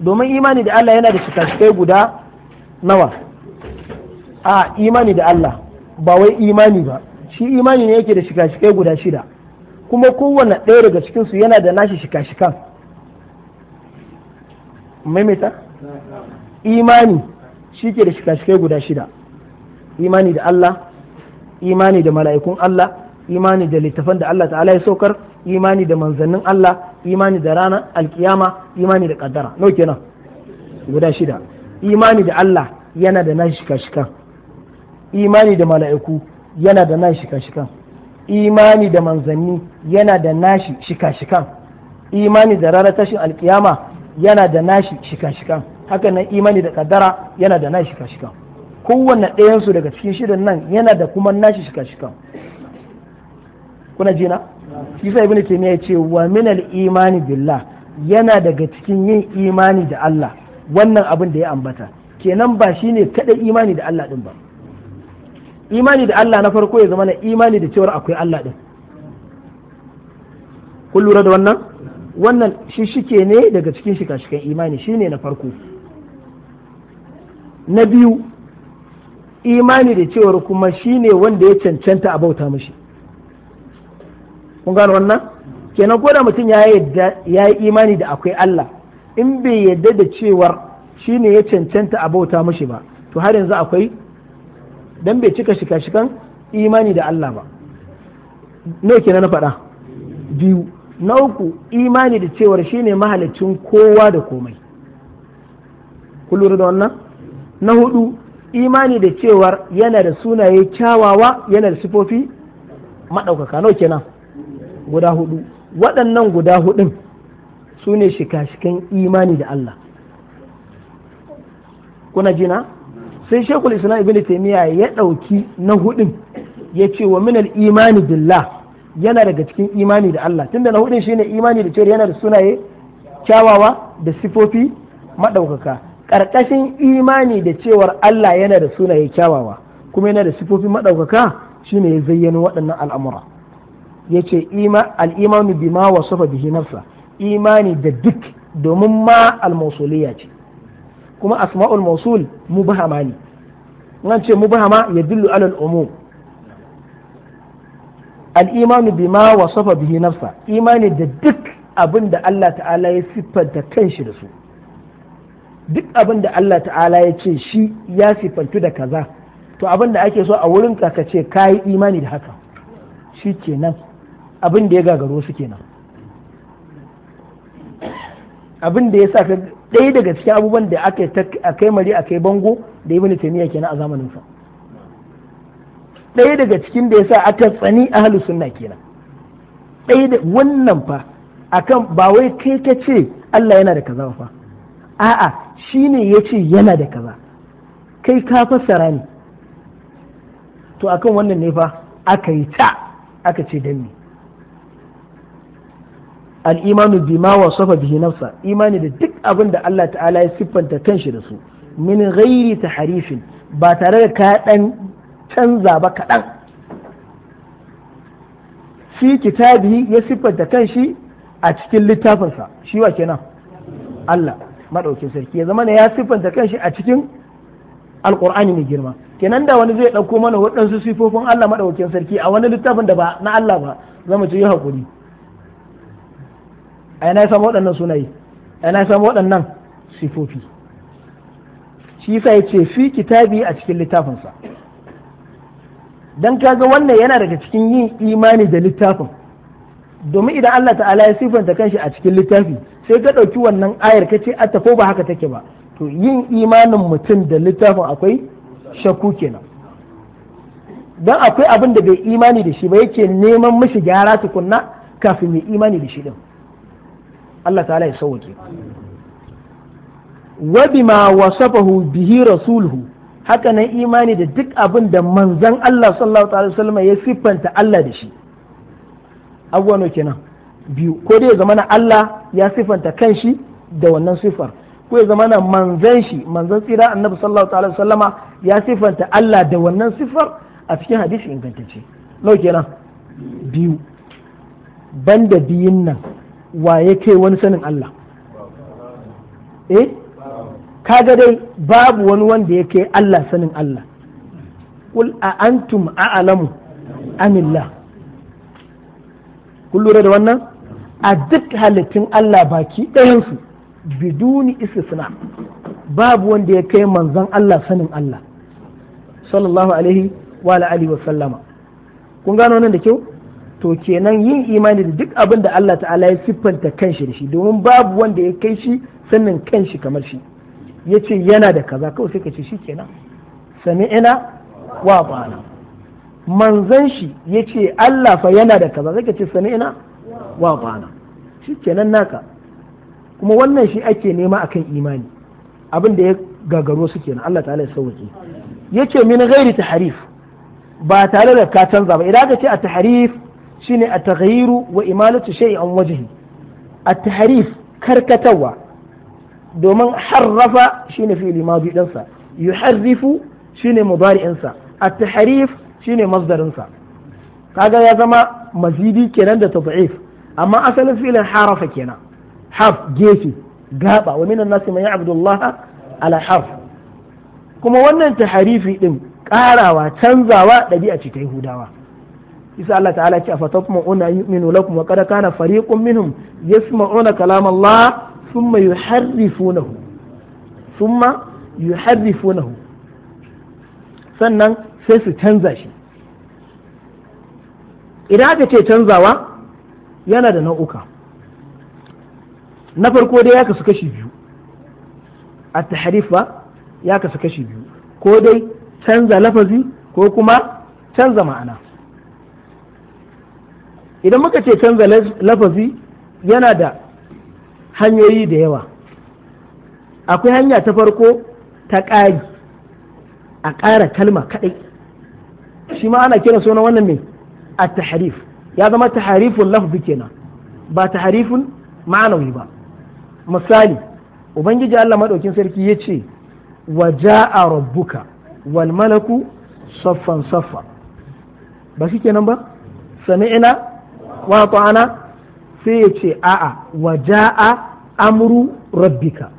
domin imani da Allah yana da shikashikai guda nawa a imani da Allah ba wai imani ba shi imani ne yake da shika-shikai guda shida kuma kowane ɗaya daga cikinsu yana da nashi shika-shikan maimaita imani shi ke da shika-shikai guda shida imani da Allah imani da mala'ikun Allah imani da littafan da Allah ta'ala ya saukar imani da manzannin Allah imani da ranar alkiyama imani da kaddara nau kenan guda shida imani da Allah yana da nashi shika-shikan imani da mala'iku yana da nashi shika-shikan imani da manzanni yana da nashi shika-shikan imani da ranar tashin alkiyama yana da nashi shika-shikan haka nan imani da kaddara yana da nashi shika-shikan kowanne ɗayansu daga cikin shirin nan yana da kuma nashi shika-shikan kuna jina isa ibn taymiya ya ce wa min al imani billah yana daga cikin yin imani da Allah wannan abin da ya ambata kenan ba shine kada imani da Allah din ba imani da Allah na farko ya zama na imani da cewar akwai Allah din kun lura da wannan wannan shi shike ne daga cikin shika-shikan imani shi ne na farko na biyu imani da cewar kuma shi ne wanda ya cancanta a bauta mashi kun gano wannan kenan ko da mutum ya yi imani da akwai Allah in bai yadda da cewar shi ne ya cancanta a bauta mashi ba to har yanzu akwai dan bai cika shika-shikan imani da Allah ba nawa kenan na faɗa biyu na uku imani da cewar shine mahalicin kowa da komai ku lura da wannan na hudu imani da cewar yana da sunaye kyawawa yana da sifofi maɗaukaka nawa kenan guda hudu waɗannan guda hudun su ne shika-shikan imani da Allah kuna jina sai shekul islam ibn taimiyya ya ɗauki na hudun ya ce wa minal imani billah yana daga cikin imani da Allah tunda na hudun shine imani da cewa yana da sunaye kyawawa da sifofi maɗaukaka karkashin imani da cewar Allah yana da sunaye kyawawa kuma yana da sifofi maɗaukaka shine ya zayyano waɗannan al'amura ya ce al'imanu bima wasafa bihi nafsa imani da duk domin ma al ce kuma asma'ul mausul mubahama ne nan ce mubahama ya dillu alal umum al-imanu bima wasafa bihi nafsa imani da duk abin da Allah ta'ala ya siffanta kanshi da su duk abin da Allah ta'ala ya ce shi ya siffantu da kaza to abin da ake so a wurin ka ce ka yi imani da haka shi kenan abin da ya gagaro su kenan abin da ya sa ɗaya daga cikin abubuwan da aka kai mari a kai bango da ibn taymiya kenan a zamanin sa ɗaya daga cikin da yasa aka tsani ahlus sunna kenan ɗaya da wannan fa akan ba wai kai ka ce Allah yana da kaza fa a'a shine yace yana da kaza kai ka fassara ne to akan wannan ne fa aka yi ta aka ce danni al-imanu bima wasafa bihi nafsa imani da duk abin da Allah ta'ala ya siffanta kanshi da su min ta taharifin ba tare da ka dan canza ba kaɗan shi kitabi ya siffanta kanshi a cikin littafinsa shi wa kenan Allah maɗaukin sarki ya zama ne ya siffanta kanshi a cikin alƙur'ani mai girma kenan da wani zai ɗauko mana waɗansu sifofin Allah maɗaukin sarki a wani littafin da ba na Allah ba zama ce yi haƙuri ai na samu waɗannan sunaye ai na samu waɗannan sifofi shi yasa yace fi kitabi a cikin littafinsa don kaga wannan yana daga cikin yin imani da littafin domin idan Allah ta'ala ya sifanta kanshi a cikin littafi sai ka ɗauki wannan ayar ka ce atta ko ba haka take ba to yin imanin mutum da littafin akwai shakku kenan don akwai abin da bai imani da shi ba yake neman mashi gyara tukunna kafin mai imani da shi din Allah Ta ya sauke wa bima wasafahu bihi rasuluhu haka nan imani da duk abin da manzan Allah sallallahu alaihi wasallam ya siffanta Allah da shi abubuwan kenan biyu ko dai ya zama na Allah ya siffanta kanshi da wannan siffar ko ya zama na shi manzan tsira annabi sallallahu alaihi wasallama ya siffanta Allah da wannan siffar a cikin hadisi ingantacce nau kenan biyu banda biyun nan wa yake wani sanin Allah eh kaga dai babu wani wanda yake Allah sanin Allah kul a antum a'lamu amillah kun da wannan a duk halittun Allah baki ɗayansu biduni istisna babu wanda ya kai manzan Allah sanin Allah sallallahu alaihi wa alihi wa sallama kun gano nan da kyau to kenan yin imani da duk abin da Allah ta'ala ya siffanta kanshi da shi domin babu wanda ya kai shi sannan kanshi kamar shi ya ce yana da kaza kawai sai ka ce shi kenan ina wa ba'ana manzan shi ya ce Allah fa yana da kaza sai ka ce ina wa ba'ana shi kenan naka kuma wannan shi ake nema akan imani abin da ya gagaro su kenan Allah ta'ala ya sauke yace min ghairi tahrif ba tare da ka canza ba idan ka ce a tahrif shine a taghayyiru wa imalatu shay'an wajhi a tahrif karkatawa domin harrafa shine fi'li madi dinsa yuharrifu shine mudari'insa a tahrif shine masdarinsa kaga ya zama mazidi kenan da tad'if amma asalin fi'lin harafa kenan haf gefe gaba wa minan nasi man ya'budu Allah ala haf kuma wannan taharifi din karawa canzawa ɗabi'a ce ta Yahudawa isa Allah ta'ala ce tatma an yu'minu lakum wa qad kana fariqun minhum yasma'una kalam Allah thumma yuharrifunahu thumma yuharrifunahu sannan sai su canza shi idan aka ce canzawa yana da nau'uka na farko dai ya kasu kashi biyu a tahrifa ya kasu kashi biyu ko dai canza lafazi ko kuma canza ma'ana idan muka ce canza lafazi yana da hanyoyi da yawa akwai hanya ta farko ta ƙari a ƙara kalma kaɗai shi ma ana kira suna wannan mai a taharif ya zama taharifun lafafi kenan ba taharifun ma'anawi ba misali ubangiji Allah maɗaukin sarki ya ce wa ja'a rabbuka wal malaku saffan saffa ba shi kenan ba sami'ina wa ta'ana sai ya ce a'a wa ja'a amru rabbika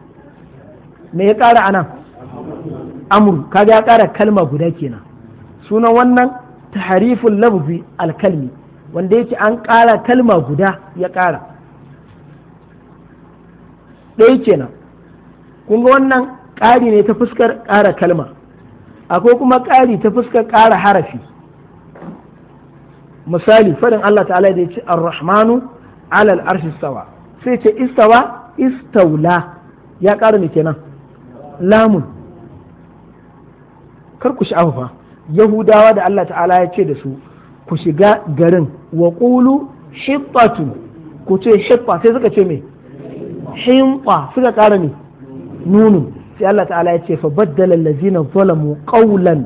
me ya kara anan amru kaga ya kara kalma guda kenan sunan wannan tahriful lafzi alkalmi wanda yake an kara kalma guda ya kara. ɗaya kenan kun ga wannan ƙari ne ta fuskar ƙara kalma akwai kuma ƙari ta fuskar ƙara harafi misali farin Allah ta'ala da ya ce ar-rahmanu alal arshi stawa sai ce istawa istaula ya ƙara ne kenan lamun kar ku sha'afa fa yahudawa da Allah ta'ala ya ce da su ku shiga garin wa qulu shittatu ku ce shimfa sai suka ce me himqa suka ƙara ne nunu sai Allah ta'ala ya ce fa baddala allazina zalamu qawlan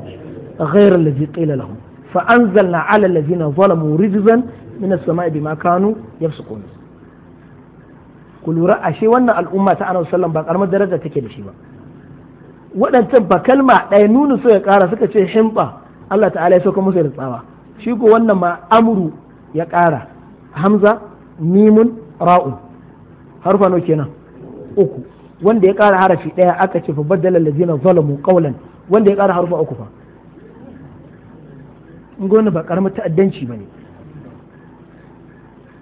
ghayra allazi qila lahum fa anzalna ala allazina zalamu rijzan min as-sama'i bima kanu yafsukun ku lura ashe wannan al'umma ta annabi sallallahu ba karamar daraja take da shi ba waɗancan ba kalma ɗaya nuna so ya ƙara suka ce himba Allah ta'ala ya sauka musu da tsawa shi ko wannan ma amru ya ƙara hamza Nimun, ra'un harfa no kenan uku wanda ya ƙara harafi ɗaya aka ce fa badala allazina zalamu qawlan wanda ya ƙara harfa uku fa ngoni ba karamar ta'addanci ba ne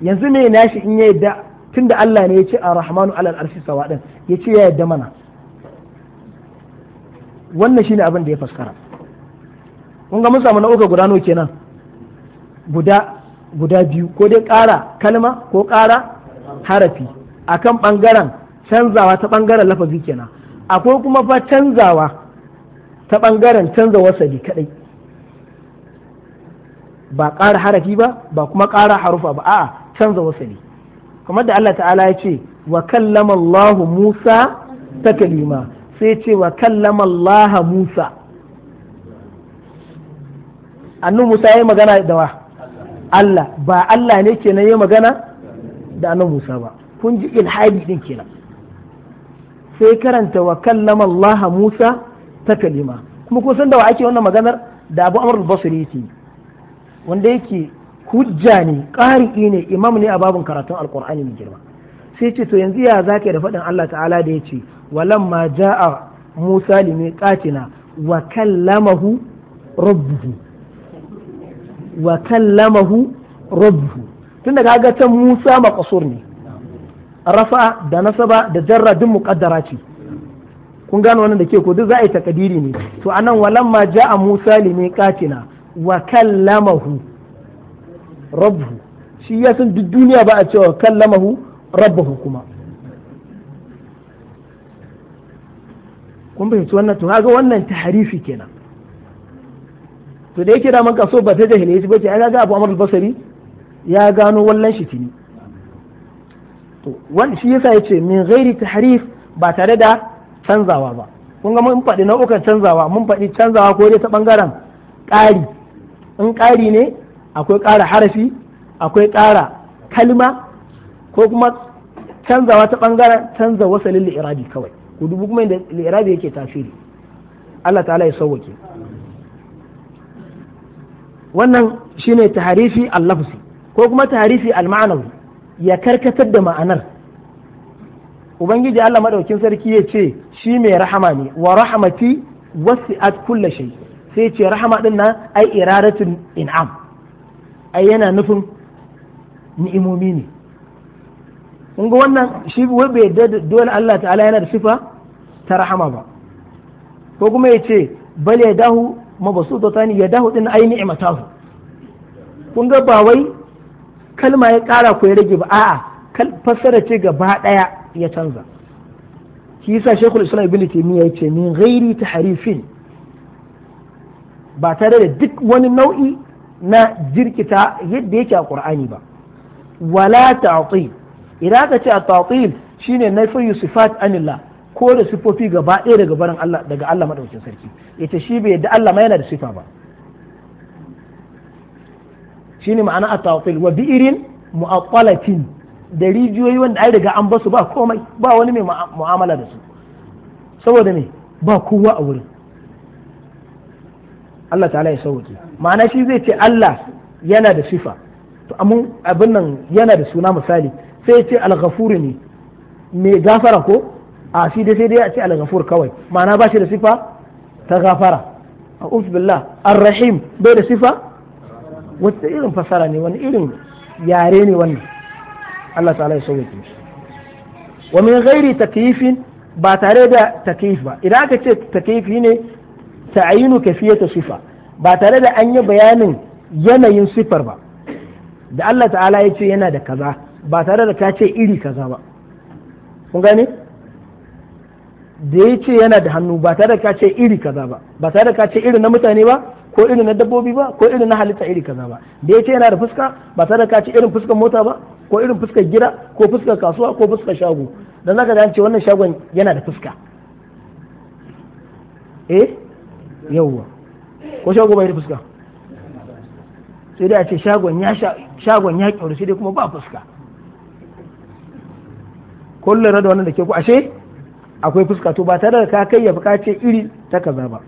yanzu ne me nashi in ya yadda tunda Allah ne ya ce a rahmanu alal arshi sawa ya ce ya yadda mana wannan shine abin da ya faskara kun ga mun samu nau'uka guda nawa kenan guda guda biyu ko dai ƙara kalma ko ƙara harafi akan ɓangaren canzawa ta ɓangaren lafazi kenan akwai kuma fa canzawa ta ɓangaren canza wasali kaɗai? ba ƙara harafi ba ba kuma ƙara harufa ba a'a canza wasali kamar da Allah ta'ala ya ce wa kallama Allah Musa ta kalima sai ce wa kallama Allah Musa annu Musa ya yi magana da wa Allah ba Allah ne ke na ya magana da annu Musa ba kun ji ilhadi din kenan sai karanta wa kallama Allah Musa ta kalima kuma kun san da wa ake wannan maganar da Abu Amr al-Basri yake wanda yake hujja ne ƙari'i ne imam ne a babin karatun alkur'ani mai girma sai ce to yanzu ya za da faɗin Allah ta'ala da ya ce ja ja'a musa ƙatina wa kallamahu rabbuhu wa kallamahu rabbuhu tun daga ga can musa maqsur ne rafa da nasaba da jarra duk muƙaddara ce kun gano wannan da ke ko duk za a yi takadiri ne to anan walan ja a musa ƙatina. wa kallamahu rabbuhu shi ya san duk duniya ba a cewa kallamahu rabbuhu kuma kun fahimci wannan to kaga wannan tahrifi kenan to da yake da man kaso ba ta jahiliya ba ce ai kaga Abu Amr basari ya gano wallan shi tini to wannan shi yasa yace min ghairi tahrif ba tare da canzawa ba kun ga mun faɗi nau'ukan canzawa mun faɗi canzawa ko dai ta bangaren ƙari in ƙari ne akwai ƙara harafi akwai ƙara kalma ko kuma canzawa ta ɓangaren canza wasalin li'irabi kawai ku dubu kuma inda li'irabi yake tasiri Allah ta'ala ya sauwake wannan shine taharifi al-lafzi ko kuma taharifi al-ma'anawi ya karkatar da ma'anar ubangiji Allah madaukin sarki ya ce shi mai rahama ne wa rahmati wasi'at kulli shay' sai ce rahama din nan ai iradatul in'am ai yana nufin ni'imomi ne kun ga wannan shi wai bai yadda dole Allah ta'ala yana da sifa ta rahama ba ko kuma ya ce bal ya dahu ni ya dahu din ai ni'matahu kun ga ba wai kalma ya kara ko ya rage ba a'a fassara ce gaba daya ya canza shi yasa shekul islam ibn taymiya ya ce min ghairi tahrifin ba tare da duk wani nau'i na jirkita yadda yake a ƙur'ani ba wala ta'til idan ka ce ta'til shine nafiyu sifat anillah ko da sifofi gaba ɗaya daga barin Allah daga Allah madaukakin sarki yace shi bai yadda Allah ma yana da sifa ba shine ma'ana tatil wa bi'irin mu'attalatin da rijiyoyi wanda ai daga an basu ba komai ba wani mai mu'amala da su saboda ne ba kowa a wurin Allah ta'ala ya sauke ma'ana shi zai ce Allah yana da sifa to abin nan yana da suna misali sai ya ce al-ghafur ne mai gafara ko a shi dai sai dai a ce al-ghafur kawai ma'ana ba shi da sifa ta gafara a'udhu billah ar-rahim bai da sifa wata irin fasara ne wani irin yare ne wannan Allah ta'ala ya sauke wa min ghairi takyifin ba tare da takyif ba idan aka ce takyifi ne ta'ayinu kafiyatu sifa ba tare da an yi bayanin yanayin sifar ba da Allah ta'ala ya ce yana da kaza ba tare da ka ce iri kaza ba kun gane da ya ce yana da hannu ba tare da ka ce iri kaza ba ba tare da ka ce iri na mutane ba ko iri na dabbobi ba ko iri na halitta iri kaza ba da ya ce yana da fuska ba tare da ka ce irin fuskar mota ba ko irin fuskar gida ko fuskar kasuwa ko fuskar shago dan zaka ga ce wannan shagon yana da fuska eh yawwa ko shago bai da fuska sai dai a ce shagon ya shagon ya sai dai kuma ba fuska Kullum lura da wannan da ke ku ashe akwai fuska to ba tare da ka kai ya ka ce iri ta kaza ba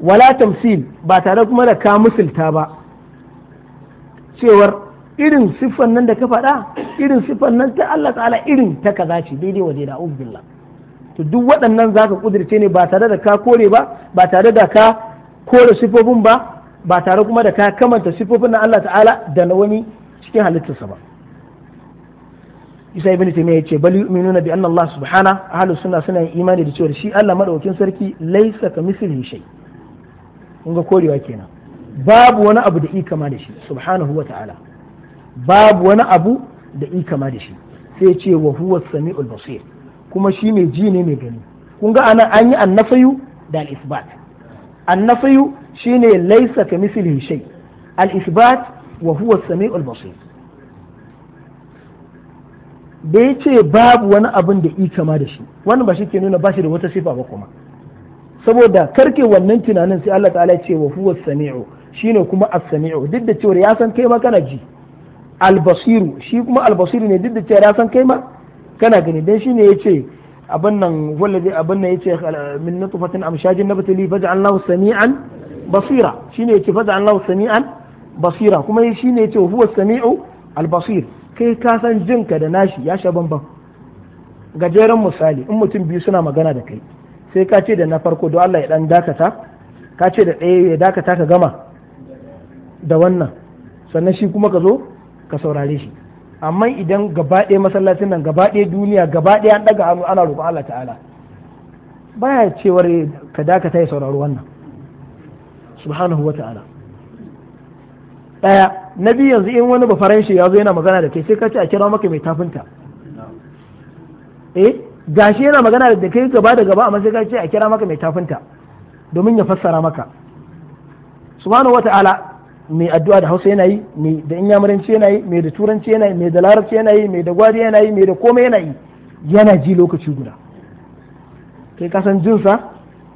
wala tamsil ba tare kuma da ka musulta ba cewar irin siffan nan da ka faɗa irin siffan nan ta Allah ta'ala irin ta kaza ce daidai wa daidai a'udhu billah to duk waɗannan za ka ƙudirce ne ba tare da ka kore ba ba tare da ka kore sifofin ba ba tare kuma da ka kamanta sifofin na Allah ta'ala da na wani cikin halittarsa ba isa ibn ya ce bal yu'minuna bi anna Allah subhana ahlus sunna suna yin imani da cewa shi Allah madaukakin sarki laisaka kamithlihi shay kun ga korewa kenan babu wani abu da ikama da shi subhanahu wa ta'ala babu wani abu da ikama da shi sai ce wa huwa samiul basir kuma shi mai ji ne mai gani kun ga anan an yi annafayu da al-isbat annafayu shine laisa ka mislihi shay al-isbat wa huwa as-sami'ul basir da ya ce babu wani abin da ika ma da shi wannan ba shi ke nuna ba shi da wata sifa ba kuma saboda karke wannan tunanin sai Allah ta'ala ce wa huwa sami'u shine kuma as-sami'u duk da cewa ya san kai ma kana ji al-basiru shi kuma al-basiru ne duk da cewa ya san kai ma kana gani dan shine yace abin nan wallazi abin nan yace min nutfatin amshajin nabtali faj'alnahu sami'an basira shi shine yace faj'alnahu sami'an basira kuma shi shine yace huwa sami'u albasir kai ka san jinka da nashi ya sha bamban gajeren misali in mutum biyu suna magana da kai sai ka ce da na farko don Allah ya dan dakata ka ce da ɗaya ya dakata ka gama da wannan sannan shi kuma ka zo ka saurare shi amma idan gaba ɗaya masallacin nan gaba ɗaya duniya gaba ɗaya an ɗaga hannu ana roƙon Allah ta'ala baya cewar ka dakata ya sauraro wannan subhanahu wa ta'ala ɗaya na biyu yanzu in wani ba faranshi ya zo yana magana da kai sai ka ce a kira maka mai tafinta eh gashi yana magana da kai gaba da gaba amma sai ka ce a kira maka mai tafinta domin ya fassara maka subhanahu wa ta'ala mai addu'a da hausa yana yi mai da inyamuranci yana yi mai da turanci yana yi mai da larabci yana yi mai da gwari yana yi mai da komai yana yi yana ji lokaci guda kai kasan jinsa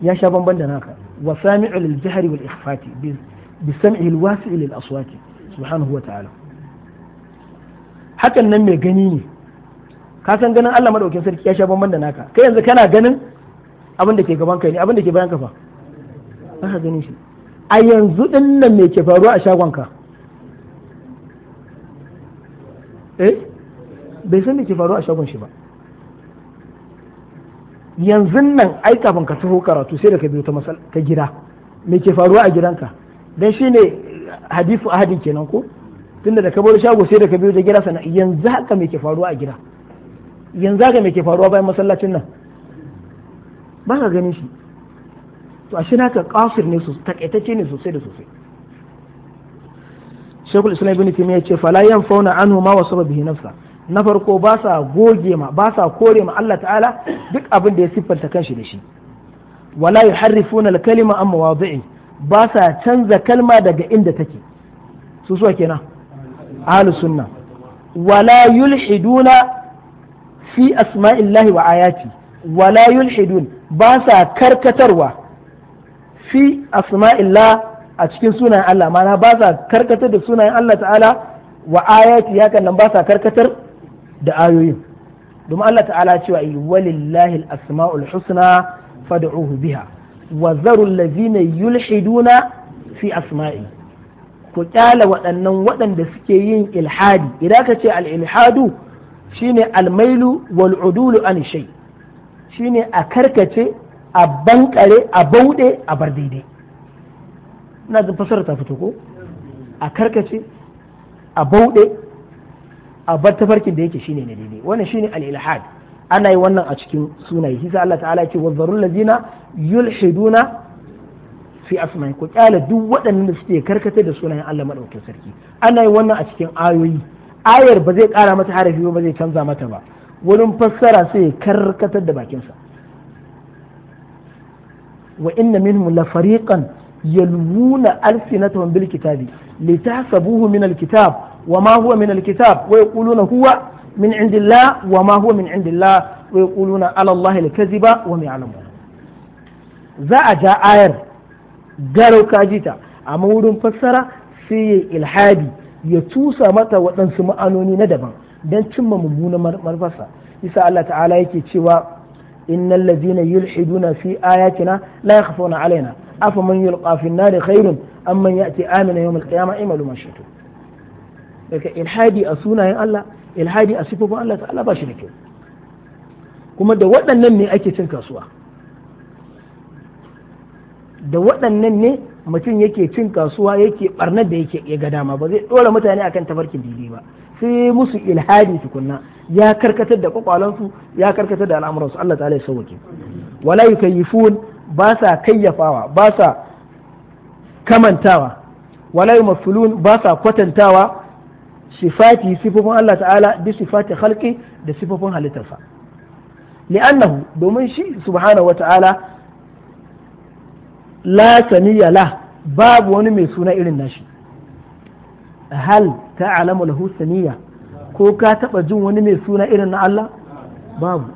ya sha bamban da naka wa sami'u lil jahri wal ikhfati bi sam'ihi al wasi'i lil aswati subhanahu wa ta'ala hakan nan mai gani ne ka san ganin Allah madaukakin sarki ya sha bamban da naka kai yanzu kana ganin abin da ke gaban kai ne abin da ke bayan kafa ba ka ganin shi a yanzu din nan me ke faruwa a shagonka eh bai san me ke faruwa a shagon shi ba yanzu nan ai kafin ka taho karatu sai da ka biyo ta masal ka gida me ke faruwa a gidanka dan shine hadifu ahadin kenan ko tunda da ka bar shago sai da ka biyo ta gida sana yanzu haka me ke faruwa a gida yanzu haka me ke faruwa bayan masallacin nan ba ka ganin shi to a shina haka kasir ne su takaitacce ne sosai da sosai shekul islam ibn ya ce fala an anhu ma ba bihi nafsa na farko ba sa goge ma ba sa kore ma Allah ta'ala duk abin da ya siffanta kanshi da shi wala yuharrifuna al-kalima an mawadi'i ba sa canza kalma daga inda take su suwa kenan ahlus sunna wala yulhiduna fi asma'illahi wa ayati wala yulhidun ba sa karkatarwa fi asma'ila a cikin sunayen Allah mana ba sa karkatar da sunayen Allah ta'ala wa ayati hakan nan ba sa karkatar da ayoyin domin Allah ta'ala cewa yi walillahi al-asma'ul husna fad'uhu biha wa zaru allazina yulhiduna fi asma'i ku kyala waɗannan waɗanda suke yin ilhadi idan ka ce al-ilhadu shine al-mailu wal udulu an shay shine a karkace a bankare a bauɗe a bar daidai na da fasara ta fito ko a karkace a bauɗe a bar tafarkin da yake shine na daidai wannan shine al-ilhad ana yi wannan a cikin sunaye shi Allah ta'ala yake wa ladina yulhiduna fi asma'i ko duk waɗannan da suke karkata da sunayen Allah madaukakin sarki ana yi wannan a cikin ayoyi ayar ba zai ƙara mata harafi ba zai canza mata ba wurin fassara sai ya karkatar da bakinsa wa inna minhum la fariqan yalwuna alsinatahum bil kitabi litahsabuhu min al kitab wa ma huwa min al kitab wa huwa min indillah wa huwa min indillah wa yaquluna ala allah za a ja ayar garau kajita amma wurin fassara sai ya ilhadi ya tusa mata waɗansu ma'anoni na daban don cimma mummunan manufarsa isa Allah ta'ala yake cewa innal ladzina yulhiduna fi ayatina la yakhfuna alaina afa man yulqa fi an-nar khairun am man amina yawm al-qiyamah imalu ma shi'tu daga ilhadi a sunayen Allah ilhadi a sifofin Allah ta'ala ba shi da kyau kuma da waɗannan ne ake cin kasuwa da waɗannan ne mutum yake cin kasuwa yake barnar da yake ya ga dama ba zai ɗora mutane akan tafarkin daidai ba sai musu ilhadi tukunna ya karkatar da kwakwalansu ya karkatar da al'amuransu Allah ta'ala ya sauke wala yukayifun ba sa kayyafawa ba sa kamantawa wala yumaffilun ba sa kwatantawa sifati sifofin Allah ta'ala bi sifati khalqi da sifofin halittarsa li'annahu domin shi subhanahu wa ta'ala la saniya la babu wani mai suna irin nashi hal ta alama lahu saniya ko ka taba jin wani mai suna irin na Allah babu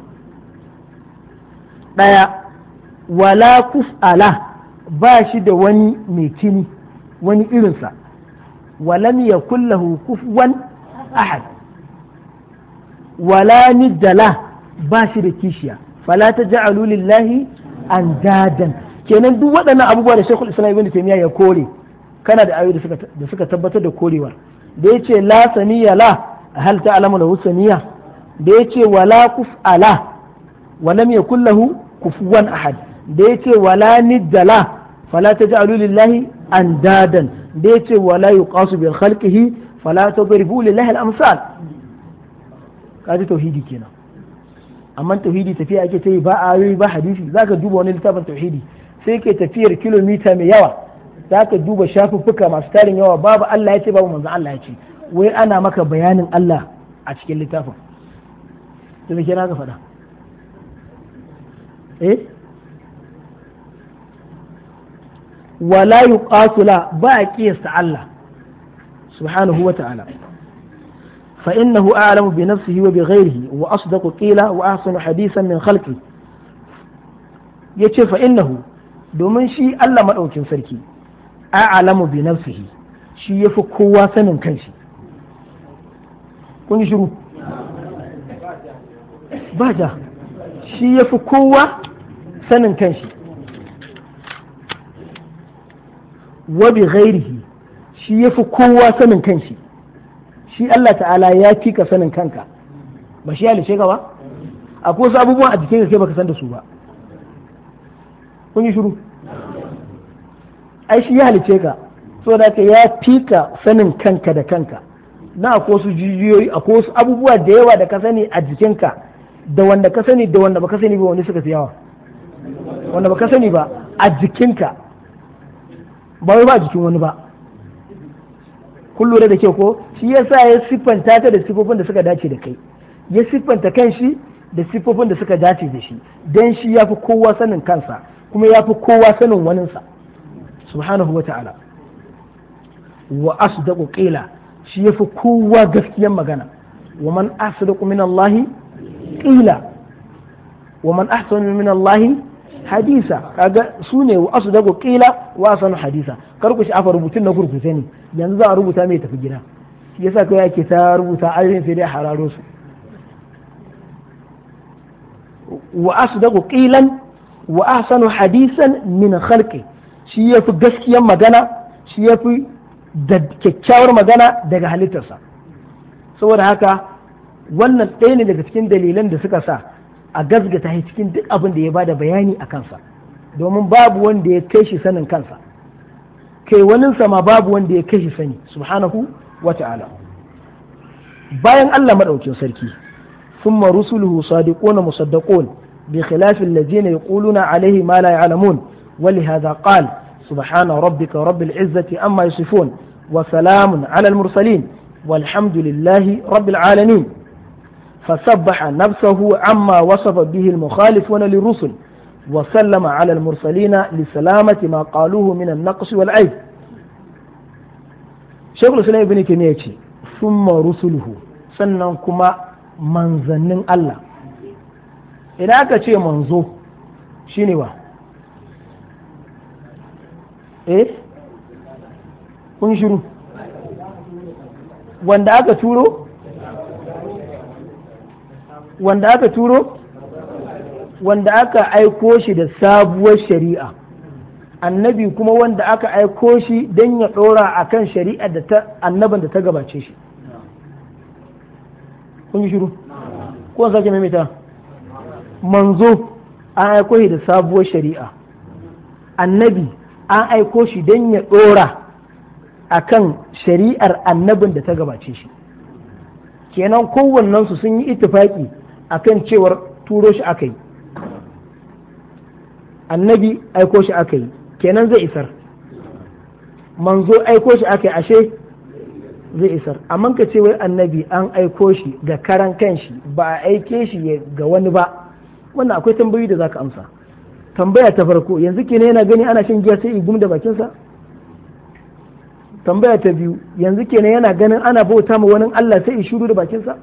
daya wala kus'ala ba shi da wani mai kini wani irinsa walam ya lahu kufwan ahad wala niddala ba shi da kishiya fala ta taj'alu lillahi andadan kenan duk waɗannan abubuwa da shekul Islam Ibn taymiya ya kore kana da ayoyi da suka tabbatar da korewar da ya ce la saniya la hal ta alamu lahu saniya da ya ce wala kuf'ala wa lam yakul lahu kufuwan ahad da ya ce wala niddala fala taj'alu an dadan. da ya ce wala yuqasu bi khalqihi fala tadribu lillahi al-amsal kaji tauhidi kenan amma tauhidi tafiya ake ta yi ba ayoyi ba hadisi zaka duba wani littafin tauhidi sai ke tafiyar kilomita mai yawa za ka duba shafuffuka masu tarin yawa babu Allah ya ce babu manzon Allah ya ce wai ana maka bayanin Allah a cikin littafin to me kira ka faɗa eh wala yuqasula ba a kiyasta Allah subhanahu wa ta'ala فإنه أعلم بنفسه وبغيره وأصدق قيلا وأحسن حديثا من خلقه يتشف فإنه domin shi Allah maɗaukin sarki a'lamu bi nafsihi shi yafi kowa sanin kanshi kun yi shiru ba ja shi yafi kowa sanin kanshi wa bi ghairihi shi yafi kowa sanin kanshi shi Allah ta'ala ya fi ka sanin kanka ba shi halishe ka ba akwai wasu abubuwan a jikin ka kai baka san da su ba kun yi shiru ai shi ya halice ka so da ka ya fika sanin kanka da kanka na ko su jijiyoyi ko su abubuwa da yawa da ka sani a jikinka da wanda ka sani da wanda baka sani ba wani suka fi yawa wanda baka sani ba a jikinka ba wai ba jikin wani ba kun lura da kyau ko shi yasa ya siffanta ta da siffofin da suka dace da kai ya siffanta kan shi da siffofin da suka dace da shi don shi ya fi kowa sanin kansa kuma ya fi kowa sanin waninsa subhanahu wata'ala wa asdaqu shi yafi kowa gaskiyar magana wa man asdaqu min Allah qila wa man ahsanu min Allah hadisa kaga su ne wa asdaqu qila wa asanu hadisa kar ku shafa rubutun na kurkusa ne yanzu za a rubuta mai tafi gida yasa kai ta rubuta ayoyin sai dai hararo wa wa hadisan min khalqi shi ya fi gaskiyar magana shi ya fi kyakkyawar magana daga halittarsa saboda haka wannan ɗaya ne daga cikin dalilan da suka sa a gasgata shi cikin duk abin da ya bada bayani a kansa domin babu wanda ya kai shi sanin kansa kai waninsa ma babu wanda ya kai shi sani subhanahu wa ta'ala bayan Allah maɗaukin sarki ثم رسله صادقون مصدقون بخلاف الذين يقولون عليه سبحان ربك رب العزة عما يصفون وسلام على المرسلين والحمد لله رب العالمين فسبح نفسه عما وصف به المخالفون للرسل وسلم على المرسلين لسلامة ما قالوه من النقص والعيب شيخ الإسلام ابن تيمية ثم رسله sannan kuma manzannin Allah idan aka ce manzo shine wa eh kun shiru wanda aka turo wanda aka turo wanda aka aiko shi da sabuwar shari'a annabi kuma wanda aka aiko shi don ya ɗora a kan shari'a da ta annaban da ta gabace shi kun yi shiru ko sake maimaita manzo an aiko shi da sabuwar shari'a annabi an aiko shi don ya ɗora a kan shari'ar annabin da ta gabace shi kenan kowannensu sun yi ittifaki a kan cewar turo shi aka yi annabi aiko shi aka yi kenan zai isar manzo aiko shi aka yi ashe zai isar amma ka ce wai annabi an aiko shi ga karan kanshi ba a aike shi ga wani ba wannan akwai tambayoyi da za ka amsa tambaya ta farko yanzu kenan yana gani ana shan giya sai igum da bakinsa tambaya ta biyu yanzu kenan yana ganin ana bauta ma wani Allah sai shuru da bakinsa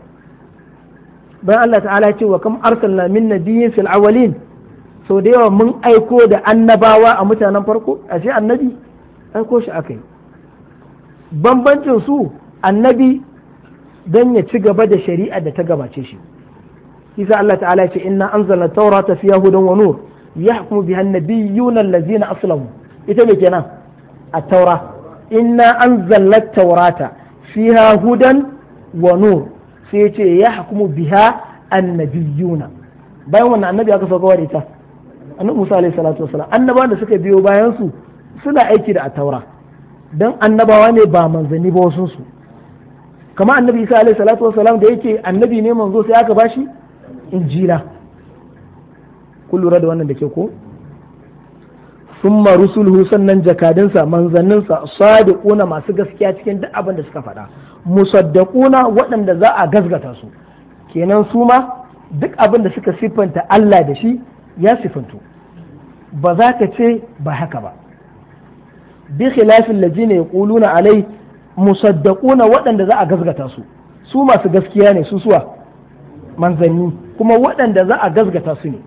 bayan Allah ta'ala ce wa kam arsalna min nabiyyin fil awwalin so da yawa mun aiko da annabawa a mutanen farko ashe annabi aiko shi akai bambancin su annabi dan ya ci gaba da shari'a da ta gabace shi isa Allah ta'ala ce inna anzalna tawrata fiha hudan wa nur yahkumu biha an-nabiyyuna allazina aslamu ita me kenan at-taura inna an at-taurata fiha hudan wa nur sai yace yahkumu biha an-nabiyyuna bayan wannan annabi aka sauka da ita annabi Musa alaihi salatu wasalam annabawan da suka biyo bayansu suna aiki da at-taura dan annabawa ne ba manzani ba wasu kama annabi Isa alaihi salatu wasalam da yake annabi ne manzo sai aka ba shi injila kun lura da wannan da ke ko summa rusuluhu sannan jakadinsa manzanninsa sadiquna masu gaskiya cikin duk abin da suka faɗa musaddaquna waɗanda za a gazgata su kenan su ma duk abin da suka siffanta Allah da shi ya siffanto. ba za ka ce ba haka ba bi khilafin ne kuluna alai musaddaquna waɗanda za a gazgata su su masu gaskiya ne su suwa manzanni kuma waɗanda za a gazgata su ne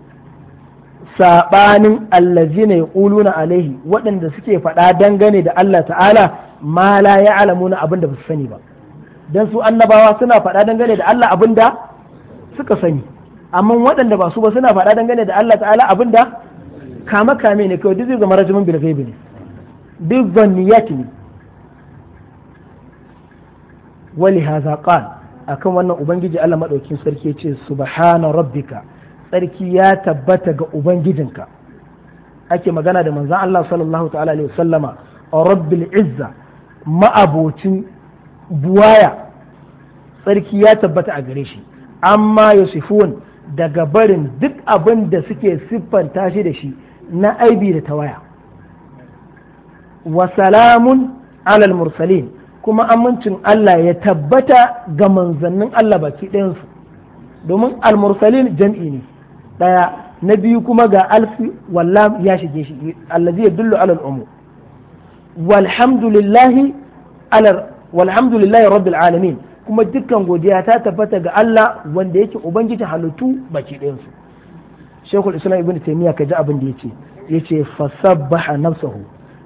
saɓanin allazina na alaihi waɗanda suke faɗa dangane da Allah ta'ala ma la alamuna abin da ba su sani ba Don su annabawa suna faɗa dangane da Allah abin da suka sani amma waɗanda ba su ba suna faɗa dangane da Allah ta'ala abin da kama kame ne kawai duk zai zama rajimin bil ghaibi ne duk zanniyat ne wali hadha qal akan wannan ubangiji Allah madaukin sarki ya ce subhana rabbika tsarki ya tabbata ga ubangijinka ake magana da manzan Allah sallallahu ta'ala alaihi a rabbil izza ma'abocin buwaya tsarki ya tabbata a gare shi amma yusufun daga barin duk abin da suke siffanta shi da shi na aibi da tawaya wa salamun alal mursalin kuma amincin Allah ya tabbata ga manzannin Allah baki ɗayansu domin al-mursalin jam'i ne ɗaya na biyu kuma ga alfi wallam ya shige shi allazi yadullu alal umum walhamdulillahi ala walhamdulillahi rabbil alamin kuma dukkan godiya ta tabbata ga Allah wanda yake ubangiji halittu baki ɗayan su shekul islam ibn taymiya ka ji abin da yace yace fasabbaha nafsuhu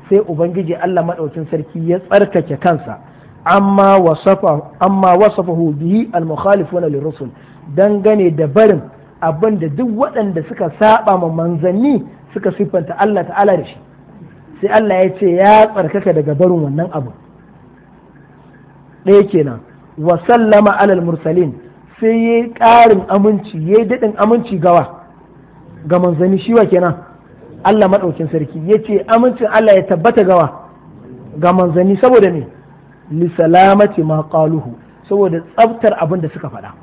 sai ubangiji Allah madaukin sarki ya tsarkake kansa amma wasafa amma wasafahu bihi al-mukhalifuna lirrusul dangane da barin abin da duk waɗanda suka saba ma manzanni suka siffanta Allah ta'ala da shi sai Allah ya ce ya tsarkaka daga barin wannan abu ɗaya kenan wa sallama alal mursalin sai ya ƙarin aminci ya daɗin aminci gawa ga manzanni shi wa kenan Allah maɗaukin sarki ya ce amincin Allah ya tabbata gawa ga manzanni saboda me li salamati ma qaluhu saboda tsaftar abin da suka faɗa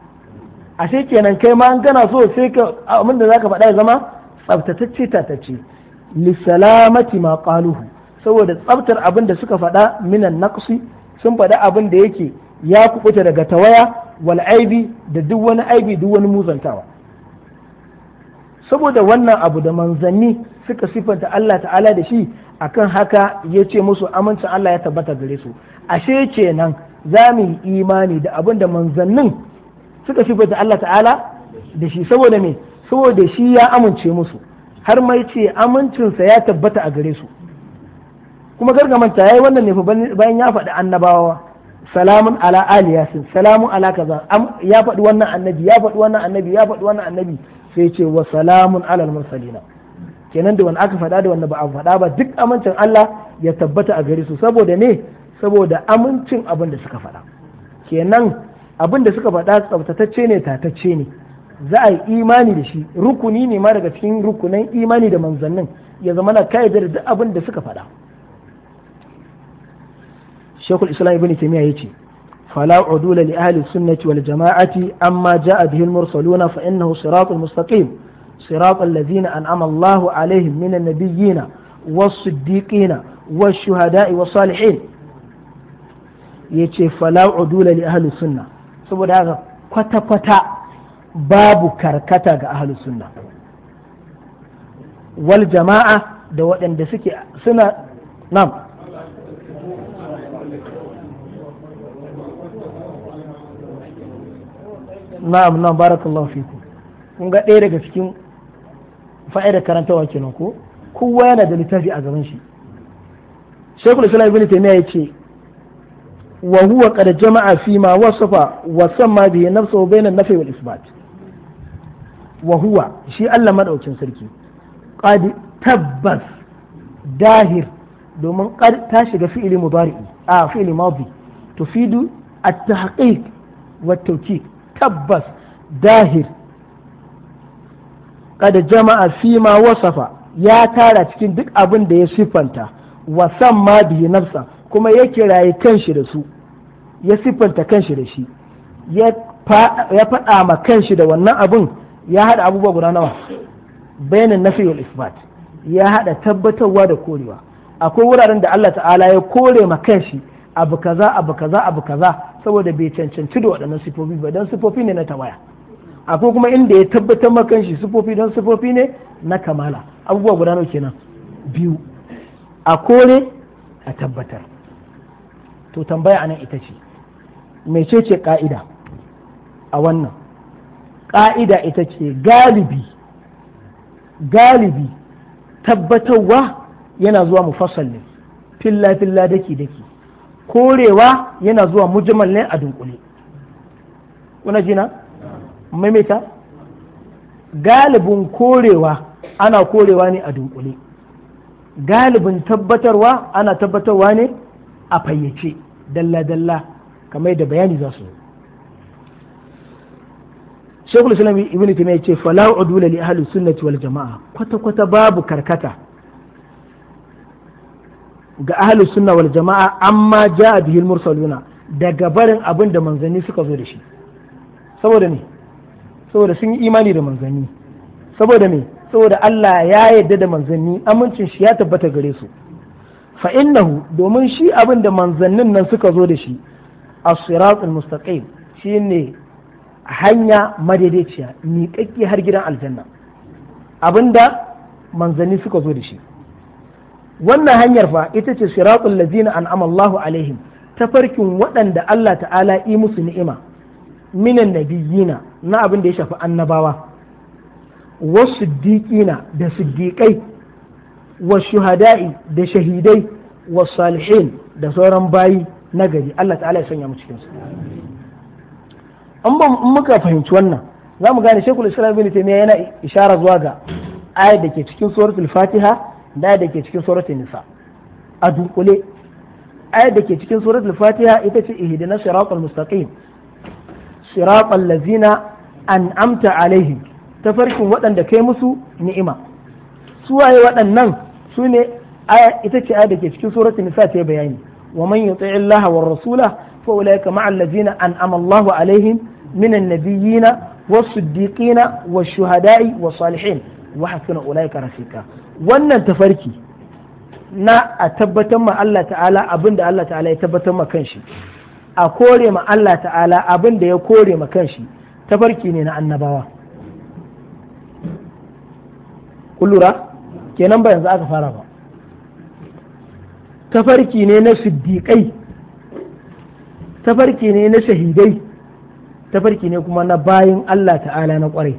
ashe kenan kai ma an gana so sai ka abin da zaka faɗa ya zama tsaftatacce tatacce lissalamati ma qaluhu saboda tsaftar abin da suka faɗa minan naqsi sun faɗa abin da yake ya kubuta daga tawaya wal aibi da duk wani aibi duk wani muzantawa saboda wannan abu da manzanni suka sifanta Allah ta'ala da shi akan haka ya ce musu amincin Allah ya tabbata gare su ashe kenan za mu yi imani da abin da manzannin suka sifata Allah ta'ala da shi saboda me saboda shi ya amince musu har mai ce amincinsa ya tabbata a gare su kuma gargamanta yayi wannan ne bayan ya faɗi annabawa salamun ala ali yasin salamun ala kaza ya faɗi wannan annabi ya faɗi wannan annabi ya faɗi wannan annabi sai ce wa salamun ala mursalina kenan da wanda aka faɗa da wanda ba a faɗa ba duk amincin Allah ya tabbata a gare su saboda ne saboda amincin abin da suka faɗa kenan abin da suka faɗa tsaftatacce ne tatacce ne za a yi imani da shi rukuni ne ma daga cikin rukunan imani da manzannin ya zama na kaidar da abin da suka faɗa shekul islam ibn taymiya yace fala udula li ahli sunnati wal jama'ati amma ja'a bihi al mursaluna fa innahu siratul mustaqim صراط الذين أنعم الله عليهم من النبيين والصديقين والشهداء والصالحين يتي فلا عدول لأهل السنة saboda haka kwata-kwata babu karkata ga ahalus sunna wal jama'a da waɗanda suke suna nam na'am na'am barakallahu ku. kun ga ɗaya daga cikin fa'idar karantawa kenan ko kowa yana da littafi a gaban shi shekul islam ibn taymiya yace wa huwa qad jama'a fi ma wasafa wa samma bihi nafsuhu bayna an-nafi wal isbat wa huwa shi Allah madaukin sarki qad tabbas dahir domin qad ta shiga fi'ili mudari a fi'ili madi tufidu at-tahqiq wa at-tawkid tabbas dahir qad jama'a fi ma wasafa ya tara cikin duk abin da ya sifanta wa samma bihi nafsa kuma ya kiraye kanshi da su ya siffanta kanshi da shi ya faɗa ma kanshi da wannan abin ya haɗa abubuwa guda nawa bayanin nafi wal isbat ya haɗa tabbatarwa da korewa akwai wuraren da Allah ta'ala ya kore ma kanshi abu kaza abu kaza abu kaza saboda bai cancanci da waɗannan sifofi ba don sifofi ne na tawaya akwai kuma inda ya tabbatar ma kanshi sifofi don sifofi ne na kamala abubuwa guda nawa kenan biyu a kore a tabbatar to tambaya anan ita ce mecece ka'ida a wannan ka'ida ita ce galibi galibi tabbatarwa yana zuwa mufassal ne filla filla daki daki korewa yana zuwa mujimal ne a dunkule kuna jina maimaita galibin korewa ana korewa ne a dunkule galibin tabbatarwa ana tabbatarwa ne a fayyace dalla-dalla kamar yadda bayani za su shekul islam ibn ya ce Falau udula li ahli sunnati wal jamaa kwata kwata babu karkata ga ahli sunna wal jamaa amma jaa bihi al mursaluna daga barin abin da manzanni suka zo da shi saboda ne saboda sun yi imani da manzanni saboda me saboda Allah ya yarda da manzanni amincin shi ya tabbata gare su fa innahu domin shi abin da manzannin nan suka zo da shi as-siratul mustaqim shine hanya madaidaiciya miƙaƙƙi har gidan aljanna abinda manzani suka zo da shi wannan hanyar fa ita ce siratul ladzina an'ama Allahu ta farkin waɗanda Allah ta'ala yi musu ni'ima minan nabiyina na abin da ya shafi annabawa wasu diƙina da siddiƙai wa shuhada'i da shahidai wa salihin da sauran bayi na gari Allah ta'ala ya sanya mu cikin su an muka fahimci wannan za mu gane shekul islam bin taymiya yana ishara zuwa ga ayat da ke cikin suratul fatiha da ayat da ke cikin suratul nisa a dunkule ayat da ke cikin suratul fatiha ita ce ihdinas siratal mustaqim siratal ladzina an'amta alaihim farkin waɗanda kai musu ni'ima su waye waɗannan su ne ita ce ayat da ke cikin suratul nisa ta bayani ومن يطع الله ورسوله فأولئك مع الذين أنعم الله عليهم من النبيين والصديقين والشهداء والصالحين وحسن أولئك رفيقا wannan tafarki na a tabbatar ma Allah ta'ala abin da Allah ta'ala ya tabbatar ma kanshi a kore ma Allah ta'ala abin da ya kore ma kanshi tafarki ne na annabawa kullura kenan ba yanzu aka fara ba tafarki ne na siddiƙai tafarki ne na shahidai tafarki ne kuma na bayin Allah ta'ala na ƙwarai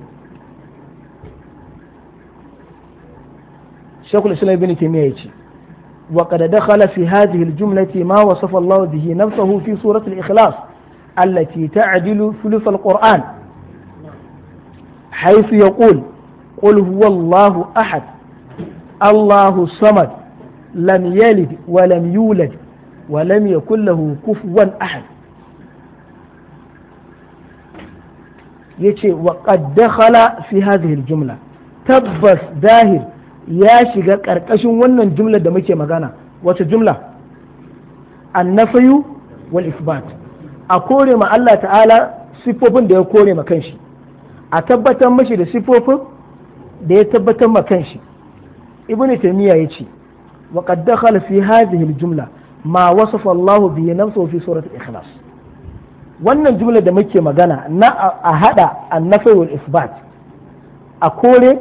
shekul islam ibn taymiya yace وقد دخل في هذه الجملة ما وصف الله به نفسه في سورة الإخلاص التي تعدل ثلث القرآن حيث يقول قل هو الله أحد الله الصمد Lamyalid yalid wa lam yulad wa lam yakul lahu kufuwan ahad yace wa qad dakhala fi hadhihi al-jumla tabbas zahir ya shiga ƙarƙashin wannan jumlar da muke magana wace jumla annafayu wal isbat a kore ma Allah ta'ala sifofin da ya kore ma kanshi a tabbatar mashi da sifofin da ya tabbatar ma kanshi ibn taymiya yace وقد دخل في هذه الجملة ما وصف الله به نفسه في سورة الإخلاص wannan jumla da muke magana na a hada annafi wal isbat a kore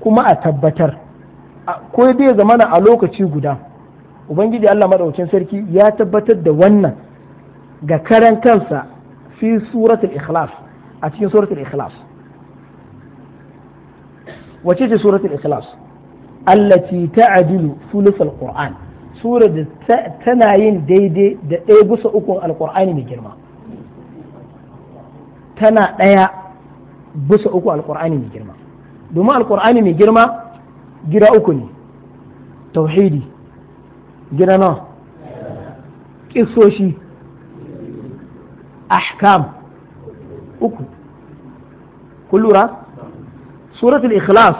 kuma a tabbatar ko dai zamana a lokaci guda ubangiji Allah madaukakin sarki ya tabbatar da wannan ga karan kansa fi suratul ikhlas a cikin suratul ikhlas wace ce suratul ikhlas allati ta'dilu sulusul qur'an sura da tana yin daidai da ɗaya bisa ukun alqur'ani mai girma tana ɗaya bisa uku alqur'ani mai girma domin alqur'ani mai girma gida uku ne tauhidi gida nawa kisoshi ahkam uku kun lura suratul ikhlas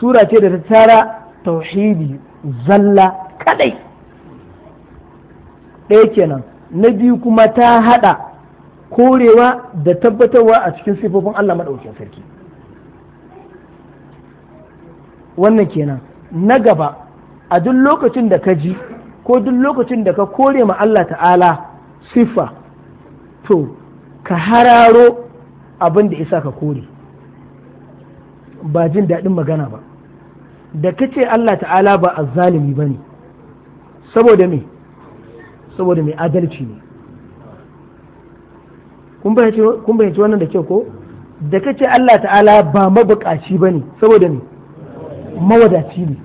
sura ce da ta tara tauhidi zalla kadai ɗaya kenan na biyu kuma ta haɗa korewa da tabbatarwa a cikin sifofin Allah maɗaukin sarki wannan kenan na gaba a duk lokacin da ka ji ko duk lokacin da ka kore ma Allah ta'ala sifa to ka hararo abin da isa ka kore ba jin daɗin magana ba da ka ce Allah ta'ala ba ba ne saboda me saboda mai adalci ne kun bayyace wannan da kyau ko da ka ce Allah ta'ala ba mabukaci ba ne saboda me mawadaci ne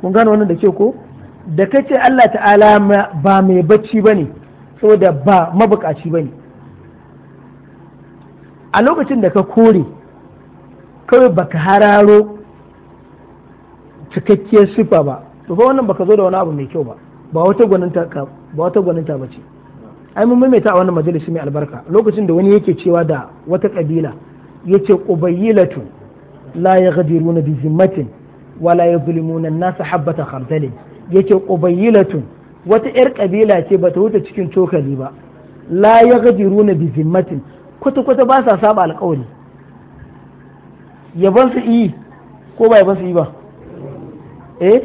kun gane wannan da kyau ko da ka ce Allah ta'ala ba mai bacci ba ne saboda ba mabukaci ba ne. a lokacin da ka kore kawai baka hararo cikakkiyar sifa ba to fa wannan baka zo da wani abu mai kyau ba ba wata gwaninta ka ba wata gwaninta ba ce ai mun maimaita a wannan majalisi mai albarka lokacin da wani yake cewa da wata kabila yace qubaylatu la yaghdiruna bi zimmatin wala yuzlimuna an-nasa habata khardalin yace qubaylatun wata yar kabila ce ba ta wuce cikin cokali ba la yaghdiruna bi zimmatin kwata kwata ba sa saba alƙawari ban su yi ko ba ban su yi ba eh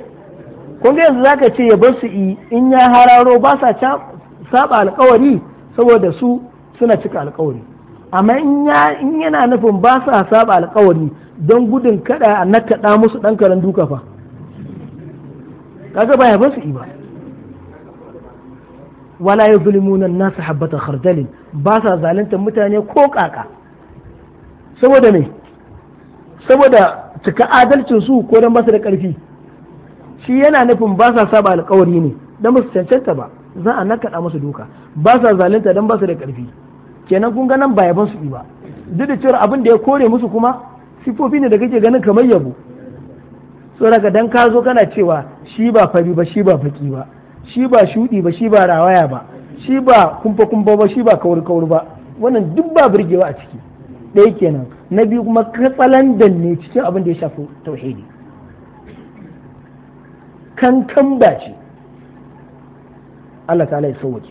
kun ga yanzu zaka ce ban su yi in ya hararo ba sa saba alkawari saboda su suna cika alkawari amma in yana nufin ba sa saba alkawari don gudun kada a nakaɗa musu ɗan karen duka fa kaga ba ban su yi ba wala ya an nasu habata khardalin ba sa zalunta mutane ko kaka saboda me saboda cika adalcin su ko dan basu da karfi shi yana nufin ba sa saba alkawari ne dan basu cancanta ba za a nakaɗa musu duka ba sa zalunta dan basu da karfi kenan kun ga nan ba yaban su ba duk da cewa abin da ya kore musu kuma sifofi ne da kake ganin kamar yabo so daga dan ka zo kana cewa shi ba fari ba shi ba faki ba shi ba shudi ba shi ba rawaya ba shi ba kumfa kumfa ba shi ba kauri kauri ba wannan duk ba burgewa a ciki ɗaya kenan na biyu kuma katsalandan ne cikin abin da ya shafi tauhidi kankan ba ce Allah ta'ala ya sauwake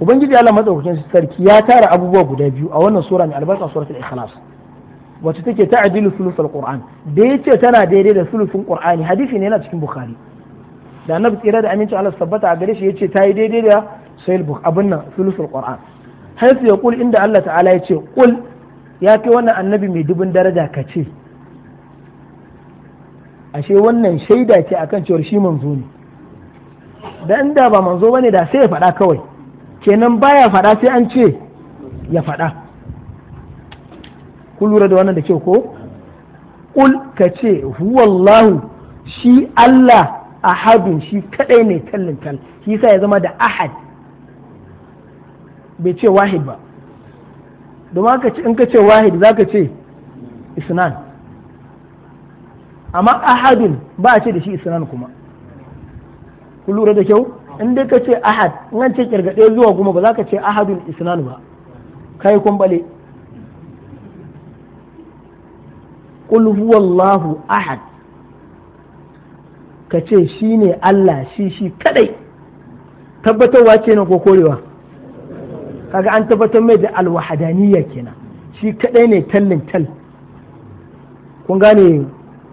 ubangiji Allah madaukakin sarki ya tara abubuwa guda biyu a wannan sura mai albarka suratul ikhlas wacce take adilu sulusul qur'an da yace tana daidai da sulusun qur'ani hadisi ne yana cikin bukhari da annabi tsira da amincin Allah tabbata a gare shi yace ta yi daidai da sahih abin nan sulusul qur'an hayya yaqul inda Allah ta'ala yace qul ya kai wannan annabi mai dubin daraja ka ce ashe wannan shaida ce akan cewar shi manzo ne da inda ba manzo bane da sai ya faɗa kawai kenan baya faɗa sai an ce ya faɗa ku lura da wannan da kyau ko kul ka ce huwallahu shi Allah ahadun shi kaɗai ne tallin tal shi sa ya zama da ahad bai ce wahid ba domin in ka ce wahid za ka ce isnan amma ahadun ba a ce da shi isnan kuma ku lura da kyau in dai ka ce ahad in an ce kirgaɗe zuwa kuma ba za ka ce ahadun isnan ba kai kun bale qul ahad ka ce shi ne Allah shi shi kadai tabbatarwa ce na ko korewa kaga an tabbatar mai da alwahadaniya kenan shi kadai ne tallin tal kun gane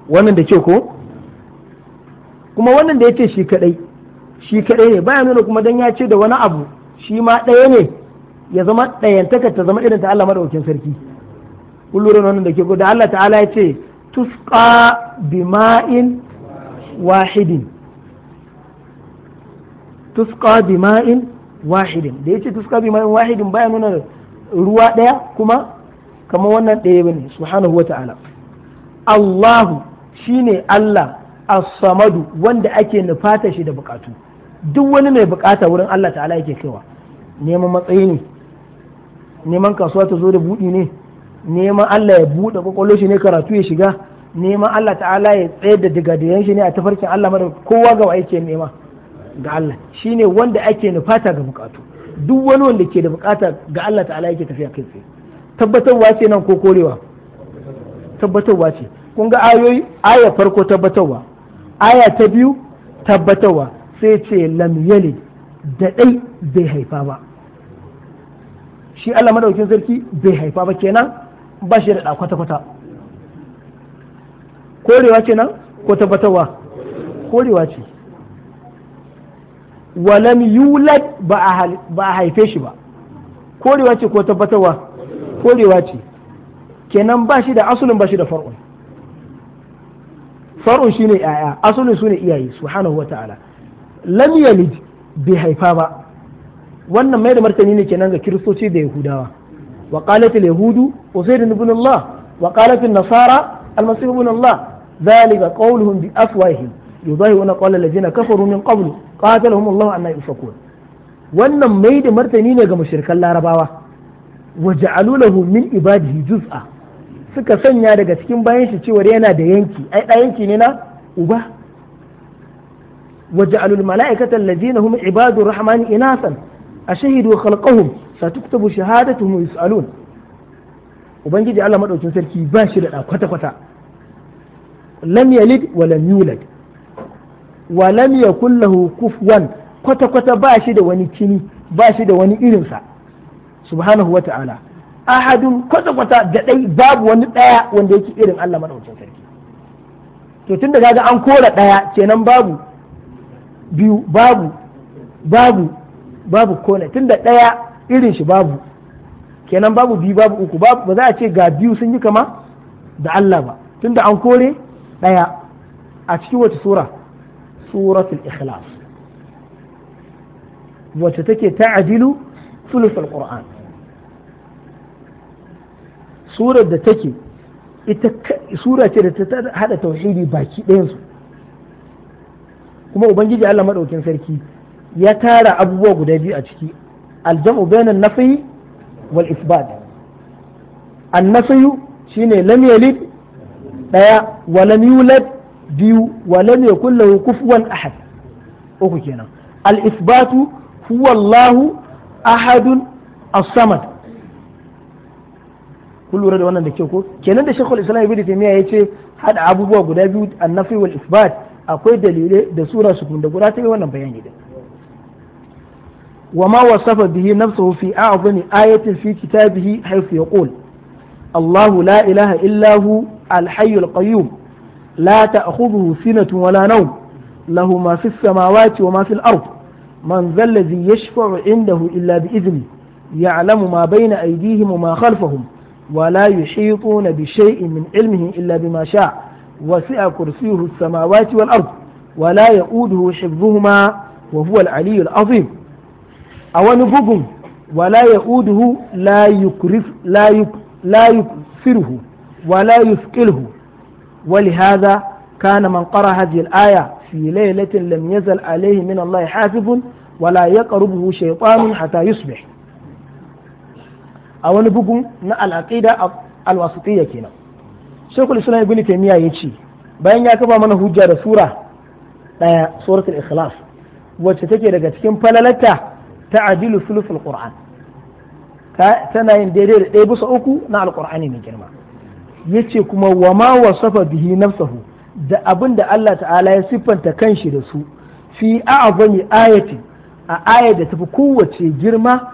wannan da ke ko kuma wannan da ya ce shi kadai shi kadai ne baya nuna kuma dan ya ce da wani abu shi ma ɗaya ne ya zama ɗayantaka ta zama irin ta Allah madaukakin sarki kun lura wannan da ke ko da Allah ta'ala ya ce tusqa bima'in wahidin tusqa bima'in wahidin da yace tuska bi ma'in wahidin baya nuna ruwa ɗaya kuma kamar wannan ɗaya bane subhanahu wata'ala Allahu shine Allah as-samadu wanda ake nufata shi da bukatu duk wani mai bukata wurin Allah ta'ala yake kaiwa neman matsayi ne neman kasuwa ta zo da buɗi ne neman Allah ya buɗe kwakwalwar shi ne karatu ya shiga neman Allah ta'ala ya tsayar da digadiyan shi ne a tafarkin Allah mara kowa ga wa yake nema ga Allah shine wanda ake nufata ga bukatu duk wani wanda ke da bukata ga Allah ta'ala yake tafiya kai tsaye tabbatarwa ce nan ko korewa tabbatarwa ce kun ga ayoyi aya farko tabbatarwa aya ta biyu tabbatarwa sai ce lam yalid da dai bai haifa ba shi Allah madaukin sarki bai haifa ba kenan ba shi da da kwata kwata korewa kenan ko tabbatarwa korewa ce walam yulad ba a haife shi ba korewa ce ko tabbatarwa korewa ce kenan ba shi da asulin ba da far'un far'un shi ne yaya asulin su ne iyaye subhanahu ta'ala. lam yalid bai haifa ba wannan mai da martani ne kenan ga kiristoci da yahudawa wa qalat al yahudu usayd ibn allah wa qalat an nasara al masih ibn allah zalika qawluhum bi aswahi. yudahiruna qawla alladhina kafaru min qablu qatalahum Allah anna yufakun wannan mai da martani ne ga mushrikan larabawa wa ja'alu lahu min ibadihi juz'a suka sanya daga cikin bayan shi cewa yana da yanki ai da yanki ne na uba wa mala'ikatan mala'ikata alladhina hum ibadu rahman inasan ashahidu khalqahum satuktabu shahadatuhum yus'alun ubangiji Allah madaukin sarki ba shi da kwata kwata lam yalid wa lam yulad wa lam yakul lahu kufwan kwata kwata ba shi da wani kini ba shi da wani irinsa subhanahu wa ta'ala ahadun kwata kwata da dai babu wani daya wanda yake irin Allah madaukakin sarki to tun da kaga an kora daya kenan babu biyu babu babu babu kone tunda daya irin shi babu kenan babu biyu babu uku babu ba za a ce ga biyu sun yi kama da Allah ba tunda an kore daya a cikin wata sura suratul ikhlas wacce take ta'adilu sulusul qur'an surar da take ita ce da ta hada tauhidi baki ɗayansu kuma ubangiji Allah madaukin sarki ya tara abubuwa guda biyu a ciki aljam'u bainan nafi wal isbat an nafiyu shine lam ɗaya daya wa biyu wa lam yakul lahu kufuwan ahad uku kenan al isbatu huwa Allahu ahadun as-samad kun lura da wannan da ke ko kenan da shekul islam ibnu taymiya yace hada abubuwa guda biyu an-nafi wal isbat akwai dalilai da sura su da guda ta yi wannan bayani din وما وصف به نفسه في أعظم آية في كتابه حيث يقول الله لا إله إلا هو الحي القيوم لا تأخذه سنة ولا نوم له ما في السماوات وما في الأرض من ذا الذي يشفع عنده إلا بإذنه يعلم ما بين أيديهم وما خلفهم ولا يحيطون بشيء من علمه إلا بما شاء وسع كرسيه السماوات والأرض ولا يؤوده حفظهما وهو العلي العظيم أو نبغم ولا يؤوده لا يكرف لا يك لا يكسره ولا يثقله ولهذا كان من قرأ هذه الآية في ليلة لم يزل عليه من الله حافظ ولا يقربه شيطان حتى يصبح أو نبقون العقيدة الواسطية كنا شيخ الإسلام ابن تيمية يجي bayan ya kaba mana hujja da sura ɗaya suratul ikhlas wacce take daga cikin falalata ta adilu sulusul qur'an tana yin daidai da ɗaya bisa uku na alqur'ani mai girma yace kuma wa ma wasafa bihi nafsahu da abin da Allah ta'ala ya siffanta kanshi da su fi a'zami ayati a aya da tafi kowace girma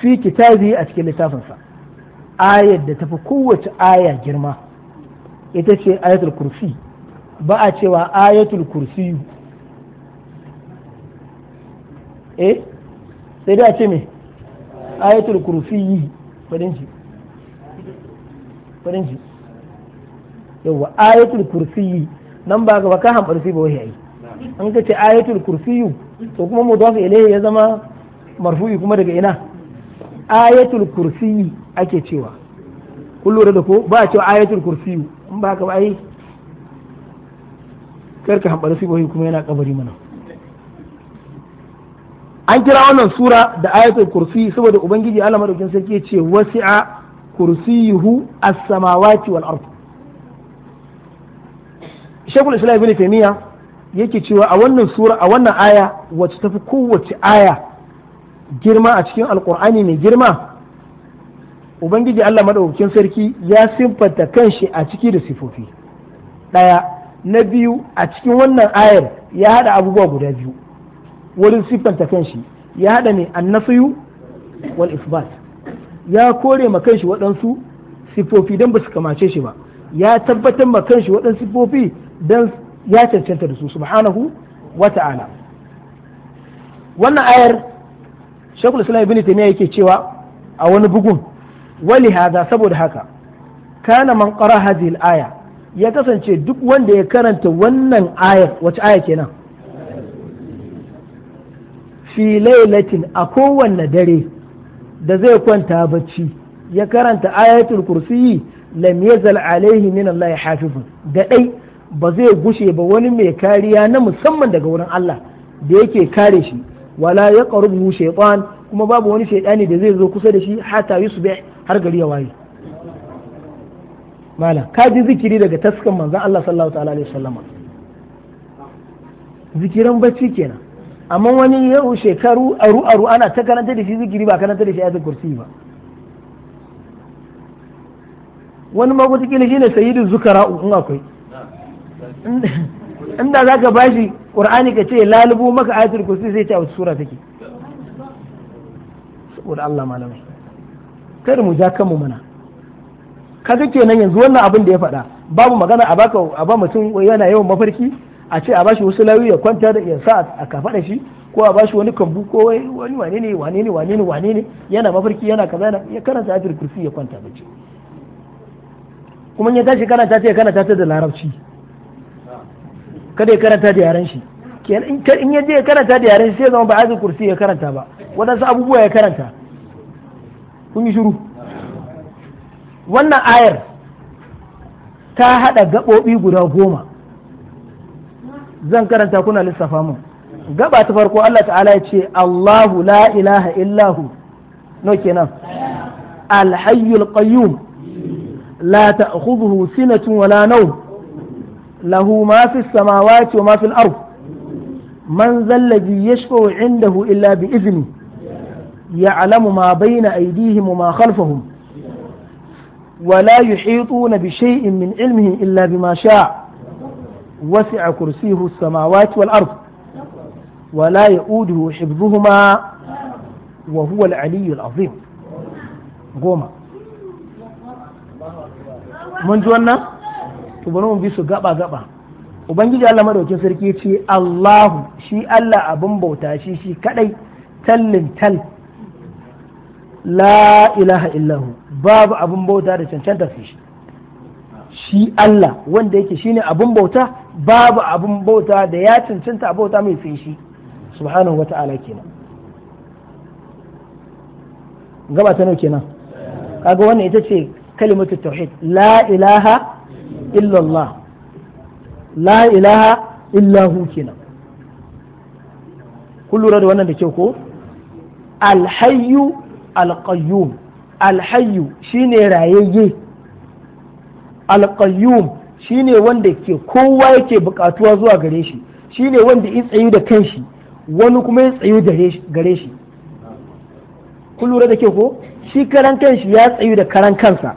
fi kitabi a cikin littafinsa ayar da tafi kowace aya girma ita ce ayatul kursi ba a cewa ayatul kursi eh sai da ce me ayatul kursi yi farinci farinci yawa ayatul kursiyi nan ba ba ka hambarsi ba wahayi an ka ce ayatul kursiyu to kuma mu dafa ilaihi ya zama marfu'i kuma daga ina ayatul kursiyi ake cewa kun lura da ko ba a cewa ayatul kursiyu in ba ka ba ai karka hambarsi ba kuma yana kabari mana an kira wannan sura da ayatul kursi saboda ubangiji Allah madaukin sarki ya ce wasi'a kursiyuhu as-samawati wal ard shekul islam ibn taymiya yake cewa a wannan sura a wannan aya wacce tafi kowace aya girma a cikin alkur'ani mai girma ubangiji allah madaukakin sarki ya siffanta kanshi a ciki da sifofi ɗaya na biyu a cikin wannan ayar ya haɗa abubuwa guda biyu wurin sifanta kanshi ya haɗa ne annasiyu wal isbat ya kore ma kanshi waɗansu sifofi don ba su kamace shi ba ya tabbatar ma kanshi waɗansu sifofi dan ya cancanta da su subhanahu wa ta'ala wannan ayar shekul islam ibn taymiya yake cewa a wani bugun wali hada saboda haka kana man qara hadhihi aya ya kasance duk wanda ya karanta wannan ayar wace aya kenan fi laylatin a kowanne dare da zai kwanta bacci ya karanta ayatul kursi lam yazal alaihi min allahi hafizun da dai ba zai gushe ba wani mai kariya na musamman daga wurin Allah da yake kare shi wala ya karubu shaitan kuma babu wani shaitani da zai zo kusa da shi yi su har gari ya waye mala ka ji zikiri daga taskan manzon Allah sallallahu ta'ala alaihi sallama zikiran bacci kenan amma wani yau shekaru aru aru ana ta karanta da shi zikiri ba karanta da shi ayatul kursi ba wani magudu kila shine sayyidul zukara'u in akwai inda za ka bashi ƙur'ani ka ce lalubu maka ayatul kursi sai ce a wasu sura take saboda Allah malamai kada mu ja kanmu mana kaga kenan yanzu wannan abin da ya faɗa babu magana a baka a ba mutum yana yawan mafarki a ce a bashi wasu lauyi ya kwanta da ya sa a kafaɗa shi ko a bashi wani kambu ko wani wane ne wane ne wane ne wane ne yana mafarki yana kaza yana ya karanta ayatul kursi ya kwanta bacci kuma ya tashi karanta ta ya karanta ta da larabci kada ya karanta da yaren shi in ya je ya karanta da yaren shi sai zama ba a kursi ya karanta ba waɗansu abubuwa ya karanta kun yi shiru wannan ayar ta haɗa gaɓoɓi guda goma zan karanta kuna lissafa mun gaba ta farko Allah ta'ala ya ce Allahu la ilaha illahu no kenan alhayyul qayyum la ta'khudhuhu sinatun wala nawm lahu ma fi samawati wa ma fil ard man zallabi yashfa'u indahu illa bi izni ya'lamu ma bayna aydihim wa ma na ولا يحيطون بشيء من علمه إلا بما شاء وسع كرسيه السماوات والأرض ولا يؤوده حفظهما وهو العلي العظيم goma mun ji wannan to bari mu bi su gaba gaba ubangiji Allah madaukin sarki ce Allahu shi Allah abin bauta shi shi kadai tallin tal la ilaha illahu babu abin bauta da cancanta su shi shi Allah wanda yake shine abin bauta babu abin bauta da ya cancanta a bauta mai fi shi subhanahu wata'ala kenan gaba ta nau kenan kaga wannan ita ce kalimatu tauhid la ilaha illallah la ilaha illa hu kenan kun da wannan da ke ko alhayyu alqayyum alhayyu shine rayayye alqayyum shine wanda ke kowa yake bukatuwa zuwa gare shi shine wanda ya tsayu da kanshi wani kuma ya tsayu gare shi kun lura da kyau ko shi karan kanshi ya tsayu da karan kansa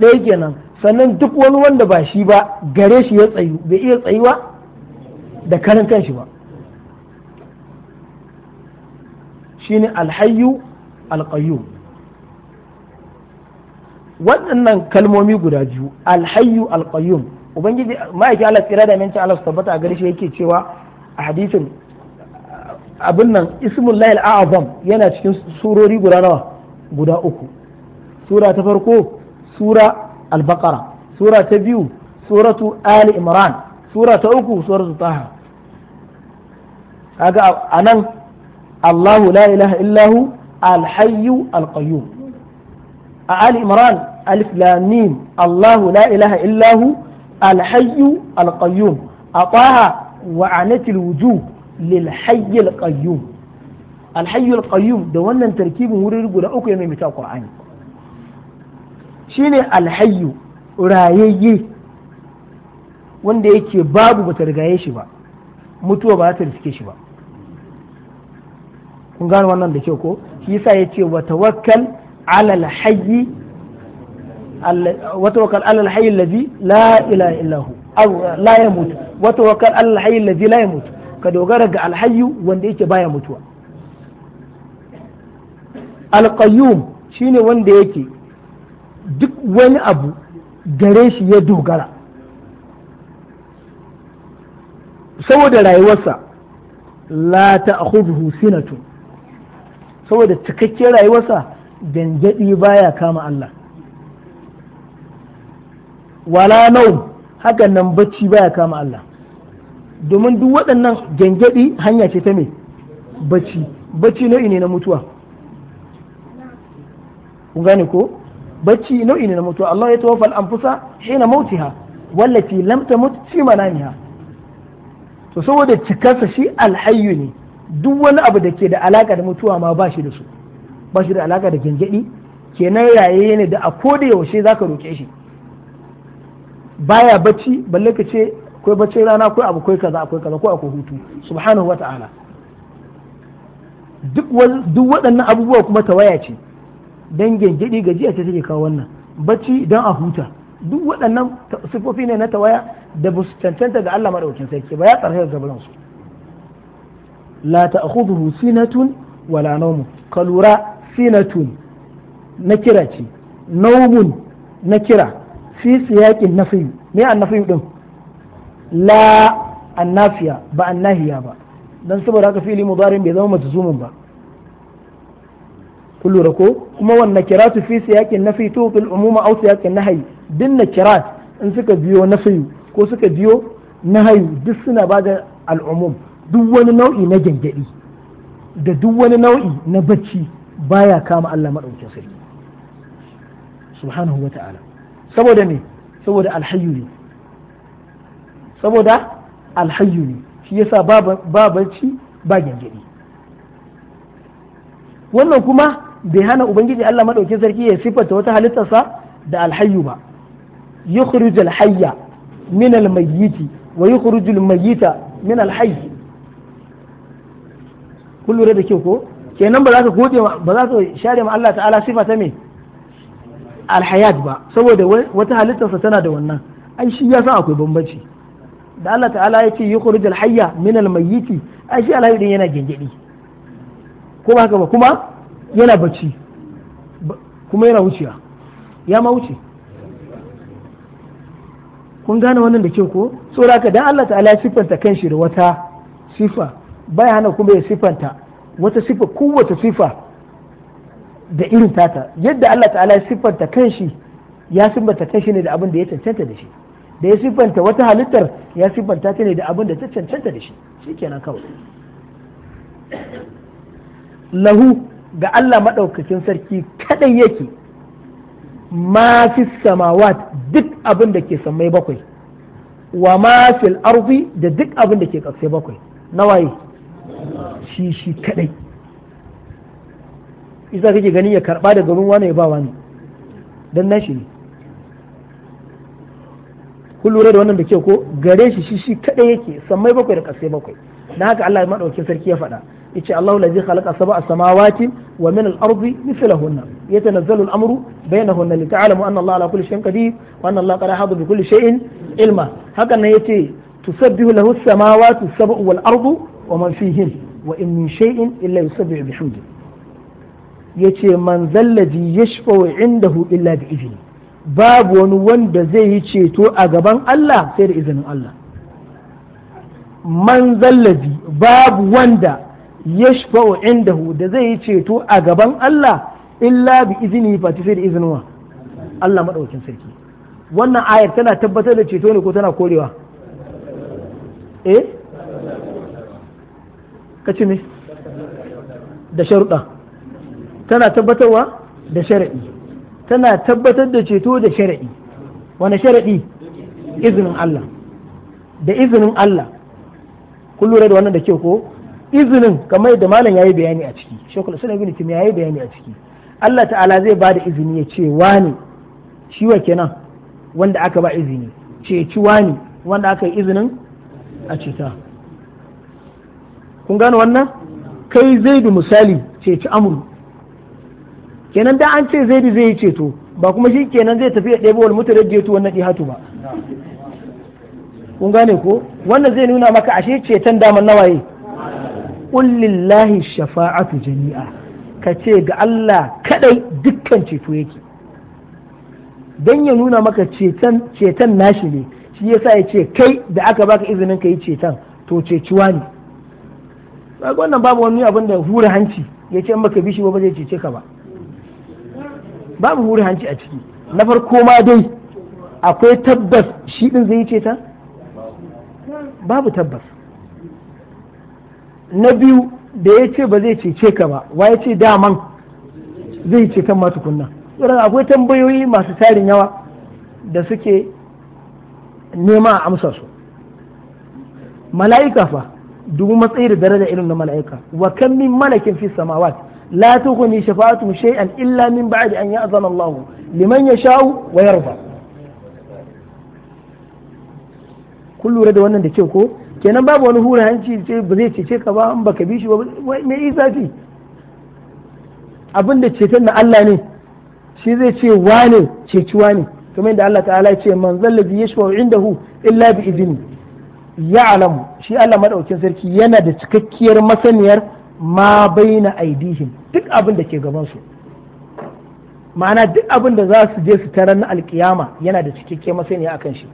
ɗaya kenan sannan duk wani wanda ba shi ba gare shi ya tsayu bai iya tsayuwa da karin kanshi ba shine alhayyu alqayyum waɗannan kalmomi guda biyu alhayyu alqayyum ubangiji ma'aiki Allah tsira da minci Allah tabbata a gare shi yake cewa a hadisin abin nan ismul lahil a'azam yana cikin surori guda nawa guda uku sura ta farko sura al-baqara sura ta biyu suratu ali imran surata uku suratu taha kaga anan Allahu la ilaha Alhayyu al-hayyu ali imran alif lam mim Allahu la ilaha illahu al-hayyu wa anatil wujuh lil hayy qayyum al qayyum da wannan tarkibin wurin guda uku ya maimaita Qur'ani shine alhayyu rayayye wanda yake babu ta rigaye shi ba mutuwa ba ta riske shi ba kun gano wannan da kyau ko shi yasa yace wata wakal alal alhayyi wa tawakkal ala alhayyi allazi la ilaha illa hu aw la yamut wa ka dogara ga alhayyu wanda yake baya mutuwa alqayyum shine wanda yake duk wani abu gare shi ya dogara saboda rayuwarsa la akhudhu sinatu saboda cikakken rayuwarsa gangadi baya kama Allah wala nau haka nan bacci baya kama Allah domin duk waɗannan gangadi hanya ce ta me bacci bacci nau'i ne na mutuwa kun gane ko bacci nau'i ne na mutuwa Allah ya tawaffal anfusa hina mautiha wallati lam tamut fi manamiha to saboda cikarsa shi alhayyu ne duk wani abu da ke da alaka da mutuwa ma ba shi da su ba shi da alaka da gangadi kenan raye ne da a ko da yaushe zaka roke shi baya bacci balle ka ce akwai baccin rana akwai abu akwai kaza akwai kaza ko akwai hutu subhanahu wata'ala duk duk waɗannan abubuwa kuma tawaya ce dan gengedi jiya ce take kawo wannan bacci dan a huta duk waɗannan sifofi ne na tawaya da ba su cancanta ga Allah madaukakin sarki ba ya tsarkaka gaban su la ta'khudhuhu sinatun wala nawm kalura sinatun na kira ce nawmun na kira fi siyaqin nafi me an din la annafiya ba annahiya ba dan saboda haka fili mudarin bai zama majzumun ba kun lura ko kuma wannan kiratu fi siyakin nafi to fil umuma aw siyakin nahyi din na kirat in suka biyo nafi ko suka biyo nahyi duk suna ba al umum duk wani nau'i na gangadi da duk wani nau'i na bacci baya kama Allah madaukakin sarki subhanahu wata'ala saboda ne saboda alhayyu ne saboda alhayyu ne shi yasa ba bacci ba gangadi wannan kuma bai hana ubangiji Allah madaukin sarki ya sifata wata halittarsa da alhayyu ba yukhrij alhayya min almayyit wa yukhrij almayyita min alhayy kun lura da kyau ko kenan ba za ka gode ba za ka share ma Allah ta'ala sifa ta me alhayat ba saboda wata halittarsa tana da wannan ai shi ya san akwai bambanci da Allah ta'ala ya ce yukhrij alhayya min almayyit ai shi alhayy din yana gengedi ko ba haka ba kuma yana bacci kuma yana wucewa ya ma wuce kun gane wannan da ke ko saboda haka dan Allah ta'ala ya siffanta kanshi da wata sifa baya hana kuma ya siffanta wata sifa kowace sifa da irin tata yadda Allah ta'ala ya siffanta kanshi ya siffanta kanshi ne da abin da ya cancanta da shi da ya siffanta wata halittar ya siffanta ta ne da abin da ta cancanta da shi shikenan kawai lahu ga Allah maɗaukakin sarki kaɗai yake ma fi samawat duk abin da ke samai bakwai wa ma fil arzi da duk abin da ke ƙasai bakwai nawaye shi shi kaɗai isa kake gani ya karɓa daga ruwan wani ya ba wani don shi ne kun lura da wannan da ke ko gare shi shi shi kaɗai yake samai bakwai da ƙasai bakwai na haka Allah maɗaukakin sarki ya faɗa yace Allahu ladzi khalaqa sab'a samawati wa min al-ardi mithlahunna yatanazzalu al-amru bainahunna li ta'lamu anna Allah ala kulli shay'in qadir wa anna Allah qad ahata bi kulli shay'in ilma hakan ne yace tusabbihu lahu as-samawati as-sab'u wal-ardu wa man fihin wa in min shay'in illa yusabbihu bihamdi yace man zallazi yashfa'u indahu illa bi idhni babu wani wanda zai yi ceto a gaban Allah sai da izinin Allah man babu wanda yashfa'u indahu da zai yi ceto a gaban Allah illa bi izini fati sai da izinin wa Allah madaukin sarki wannan ayar tana tabbatar da ceto ne ko tana korewa eh kace ne? da sharuɗa tana tabbatarwa da shari'i tana tabbatar da ceto da shari'i wani shari'i izinin Allah da izinin Allah kun lura da wannan da kyau ko izinin kamar da malam yayi bayani a ciki shekul islam ibn tim yayi bayani a ciki Allah ta'ala zai ba da izini ya ce wani ciwa kenan wanda aka ba izini ceci wani wanda aka yi izinin a cita kun gano wannan kai zaidu misali ceci amru kenan da an ce zaidu zai yi ceto ba kuma shi kenan zai tafi ya mutane da mutarajjiyatu wannan ihatu ba kun gane ko wannan zai nuna maka ashe ceton daman nawaye kullillahi shafa'atu jami'a ka ce ga Allah kadai dukkan ceto yake don ya nuna maka ceton nashi ne shi yasa ya ce kai da aka baka izinin ka yi ceton to ceciwa ne wannan babu wani abin da hura hanci ya ce in baka bi ba zai cece ka ba babu hura hanci a ciki na farko ma dai akwai tabbas shi din zai yi cetan. babu tabbas na biyu da ya ce ba zai cece ka ba wa ya ce daman zai ce kan matukunna irin akwai tambayoyi masu tarin yawa da suke nema a amsa su mala'ika fa dubu matsayi da daraja irin na mala'ika wa kan min malakin fi samawat la tughni shafa'atuhum shay'an illa min ba'di an ya'zana Allah liman yasha'u wa yarda kun lura da wannan da kyau ko kenan babu wani hura hanci ce ba zai cece ka ba in baka bi shi ba me yi zafi abin da ceton na Allah ne shi zai ce wane ceci wane kamar yadda Allah ta'ala ce man zallabi inda hu illa bi ya alamu shi Allah madaukin sarki yana da cikakkiyar masaniyar ma baina aidihim duk abin da ke gaban su ma'ana duk abin da za su je su tarar na alkiyama yana da cikakkiyar masaniya kan shi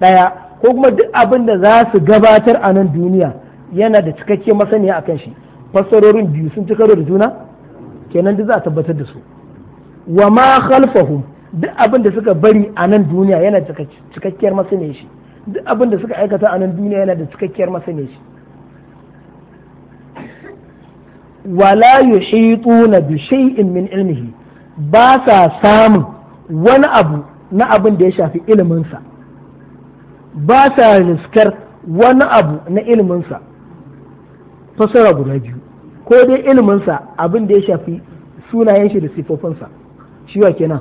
ɗaya. ko kuma duk abin da za su gabatar a nan duniya yana da cikakke masaniya a kan shi fassarorin biyu sun ci karo da juna kenan duk za a tabbatar da su wa ma khalfahum duk abin da suka bari a nan duniya yana da cikakkiyar masaniya shi duk abin da suka aikata a nan duniya yana da cikakkiyar masaniya shi wala yuhituna bi shay'in min ilmihi ba sa samun wani abu na abin da ya shafi iliminsa sa ba sa riskar wani abu na iliminsa fasara guda biyu ko dai iliminsa abin da ya shafi sunayen shi da sifofinsa shi wa kenan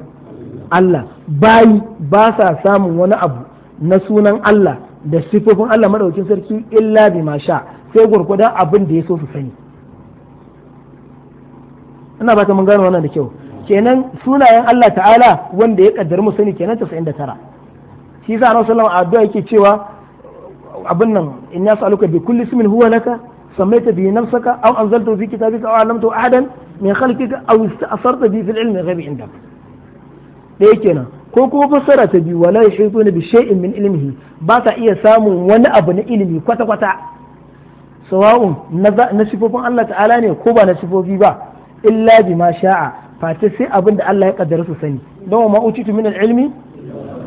Allah bayi ba sa samun wani abu na sunan Allah da sifofin Allah madaukin sarki illa bi ma sha sai gurgudan abin da ya so su sani ina ba ta mun gano wannan da kyau kenan sunayen Allah ta'ala wanda ya kaddar mu sani kenan 99 shi yasa Annabi sallallahu alaihi wasallam yake cewa abin nan in ya sa'aluka bi kulli ismin huwa laka sammaita bi nafsaka aw anzalta fi kitabika aw alamta ahadan a khalqika aw ista'sarta bi fil ilmi ghaibi indak da yake ko kuma fassara ta biyu wala yahituna bi shay'in min ilmihi ba ta iya samun wani abu na ilimi kwata kwata sawa'un na sifofin Allah ta'ala ne ko ba na sifofi ba illa ma sha'a face sai abin da Allah ya kaddara su sani don ma uci min al-ilmi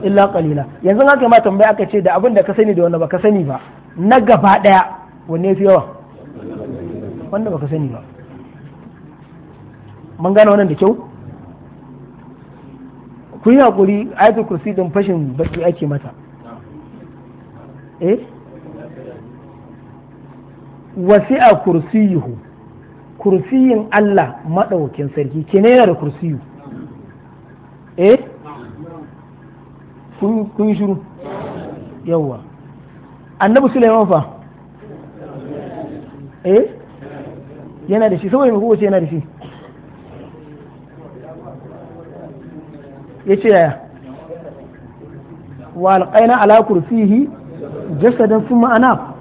illa qalila yanzu haka ma tambaya aka ce da abin da ka sani da wanda baka sani ba na gaba daya wanne fi yawa wanda baka sani ba mun gane wannan da kyau ku yi hakuri ayatul kursi din fashin baki ake mata eh wasi'a kursiyuhu kursiyin Allah madaukin sarki kene yana da kursiyu eh kun yi shuru yawwa annabi Sulaiman fa eh yana da shi saboda me kowace yana da shi ya ce yaya wa alƙaina ala kursihi jasadan sun ma'ana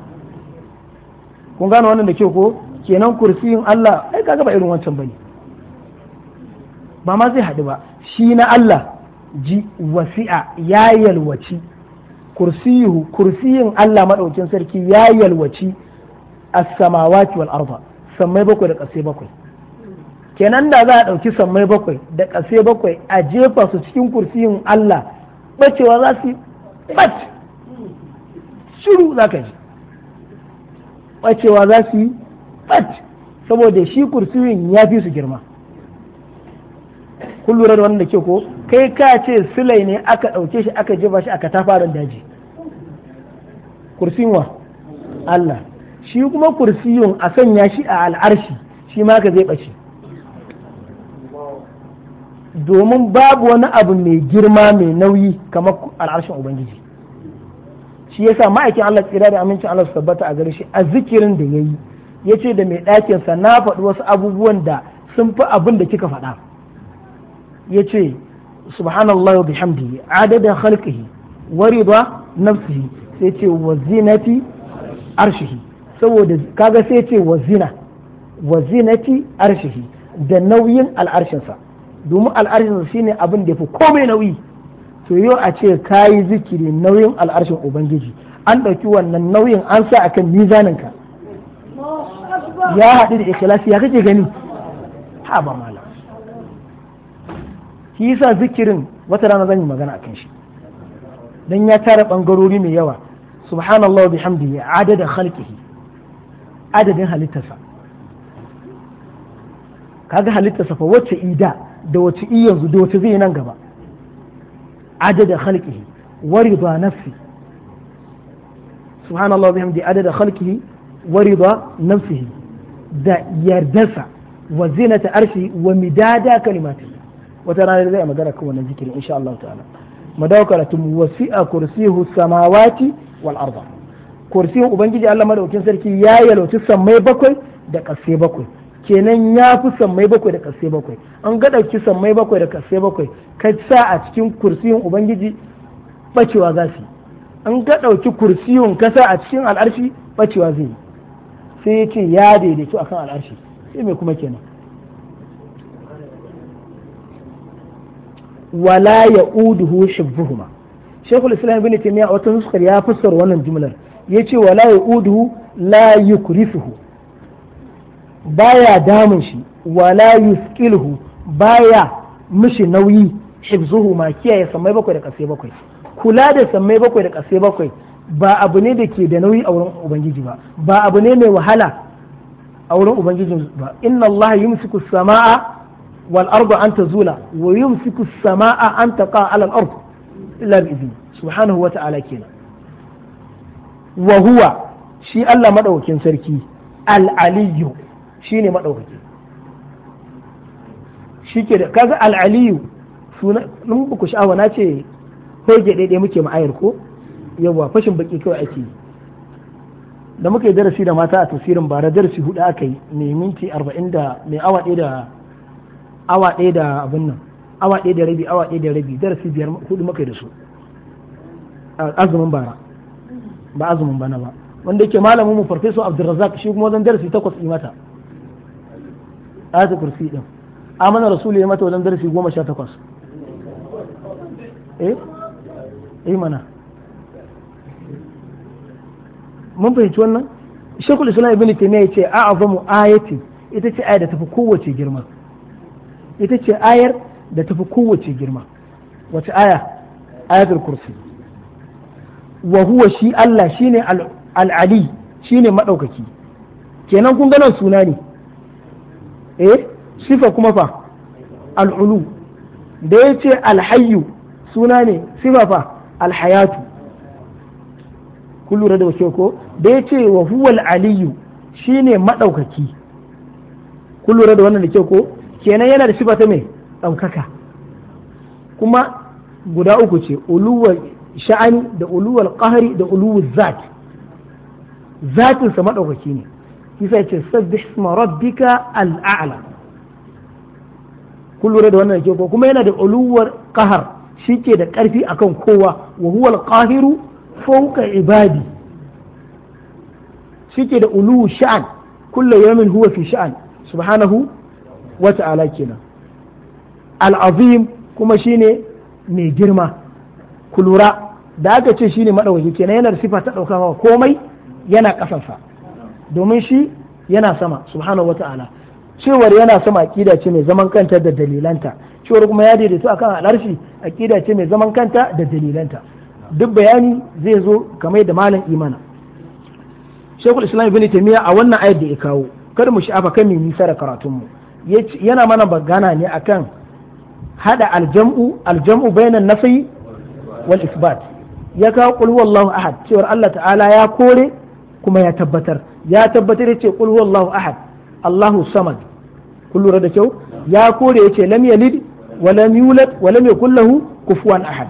kun gane wannan da ke ko kenan kursiyin Allah ai kaga ba irin wancan bane ba ma zai haɗu ba shi na Allah ji wasi'a ya yalwaci kursiyu kursiyin Allah madaukin sarki ya yalwaci as-samawati wal arda sammai bakwai da ƙasai bakwai kenan da za a ɗauki sammai bakwai da ƙasai bakwai a jefa su cikin kursiyin Allah bacewa za su bat shiru za ka ji bacewa za su yi bat saboda shi kursiyin ya fi su girma kun lura da wanda da ke ko kai ka ce silai ne aka ɗauke shi aka jefa shi aka tafarin daji kursin Allah shi kuma kursiyun a sanya shi a al'arshi shi ma ka zai ɓace domin babu wani abu mai girma mai nauyi kamar al'arshin ubangiji shi ya sa ma'aikin Allah tsira da amincin Allah su tabbata a gare shi a zikirin da ya yi. Ya ce da mai ɗakinsa na faɗi wasu abubuwan da sun fi abin da kika faɗa Ya ce. subhanallah wa bihamdihi adada khalqihi wa rida nafsihi sai ce wa zinati arshihi saboda kaga sai ce da nauyin al'arshinsa domin al'arshinsa shine abin da yafi komai nauyi to yau a ce kayi zikiri nauyin al'arshin ubangiji an ɗauki wannan nauyin an sa akan mizaninka ya haɗu da ikhlasi ya kake gani ha ba shi yasa zikirin wata rana zan yi magana akan shi dan ya tara bangarori mai yawa subhanallah bihamdihi adada khalqihi adadin halittarsa kaga halittarsa fa wacce ida da wacce i yanzu da wacce zai nan gaba adada khalqihi wa rida nafsi subhanallah bihamdi adada khalqihi wa rida nafsihi da yardarsa wa zinata arshi wa midada kalimatihi wata rana zai magana kan wannan zikirin insha Allah ta'ala mu dawo wasi'a kursiyu samawati wal arda kursiyu ubangiji Allah madaukin sarki ya yalauci sammai bakwai da ƙasai bakwai kenan ya fi sammai bakwai da ƙasai bakwai an ga dauki sammai bakwai da ƙasai bakwai ka sa a cikin kursiyin ubangiji bacewa za an ga ɗauki kursiyin ka sa a cikin al'arshi bacewa zai sai ya ce ya daidaitu akan al'arshi sai mai kuma kenan wala ya'uduhu shibbuhuma shekul islam ibn taymiya wata nuskar ya fassara wannan jumlar ya yace wala ya'uduhu la yukrifuhu baya damun shi wala yuskilhu baya mishi nauyi hibzuhu ma kiyaye samai bakwai da kase bakwai kula da samai bakwai da kase bakwai ba abu ne da ke da nauyi a wurin ubangiji ba ba abu ne mai wahala a wurin ubangiji ba inna Allah yi musu yumsiku samaa wal ardu an ويمسك السماء yumsiku تقع samaa an taqa ala سبحانه وتعالى illa وهو subhanahu wa ta'ala العلي wa shi Allah sarki al shike da kaga al-aliyyu sunan ku sha'awa na ce hoge daidai muke ma'ayar ko yawa fashin baki kawai ake da muka yi darasi da mata a tasirin bara darasi hudu aka yi ne minti arba'in da mai awa da awa ɗaya da abin nan awa ɗaya da rabi awa ɗaya da rabi darasi biyar hudu maka da su azumin bara ba azumin bana ba wanda yake malamin mu farfesa abdulrazak shi kuma wajen darasi takwas yi mata ayatul kursi din amana rasulu ya mata wajen darasi goma sha takwas eh eh mana mun fahimci wannan shekul islam ibn taymiya yace a'azamu ayati ita ce aya da tafi kowace girma ita ce ayar da tafi kowace girma wace aya ayatul kursi wa huwa shi Allah shine al-ali shine madaukaki kenan kun ganin suna ne eh sifa kuma fa al-ulu da yace al-hayyu suna ne sifa fa al-hayatu kullu lura da wace ko da yace wa huwa al-aliyu shine madaukaki kullu lura da wannan da ke ko kenan yana da sifa ta mai ɗaukaka kuma guda uku ce uluwar sha'ani da uluwar ƙahari da uluwar zat zatinsa maɗaukaki ne kisa ce sabbih isma rabbika al'a'la kun lura da wannan ke ko kuma yana da uluwar ƙahar shike da ƙarfi akan kowa wa huwa al-qahiru fawqa ibadi shike da uluwu sha'an kullu yawmin huwa fi sha'an subhanahu Wata'ala kenan al'azim kuma shine mai girma kulura da aka ce shine madawaki kenan yana da sifa ta ɗaukawa komai yana kasansa domin shi yana sama subhanahu wata'ala cewar yana sama akida ce mai zaman kanta da dalilanta cewar kuma ya daidaitu akan al'arshi akida ce mai zaman kanta da dalilanta duk bayani zai zo kamar da malam imana shekul islam ibn taymiya a wannan ayar da ya kawo kada mu sha'afa kan mu nisa da mu. yana mana bagana ne akan hada aljam'u aljam'u bainan nafi wal isbat ya kawo qul huwallahu ahad cewar Allah ta'ala ya kore kuma ya tabbatar ya tabbatar yace qul huwallahu ahad Allahu samad kullu ya kore yace lam yalid wa lam yulad wa lam yakul lahu kufuwan ahad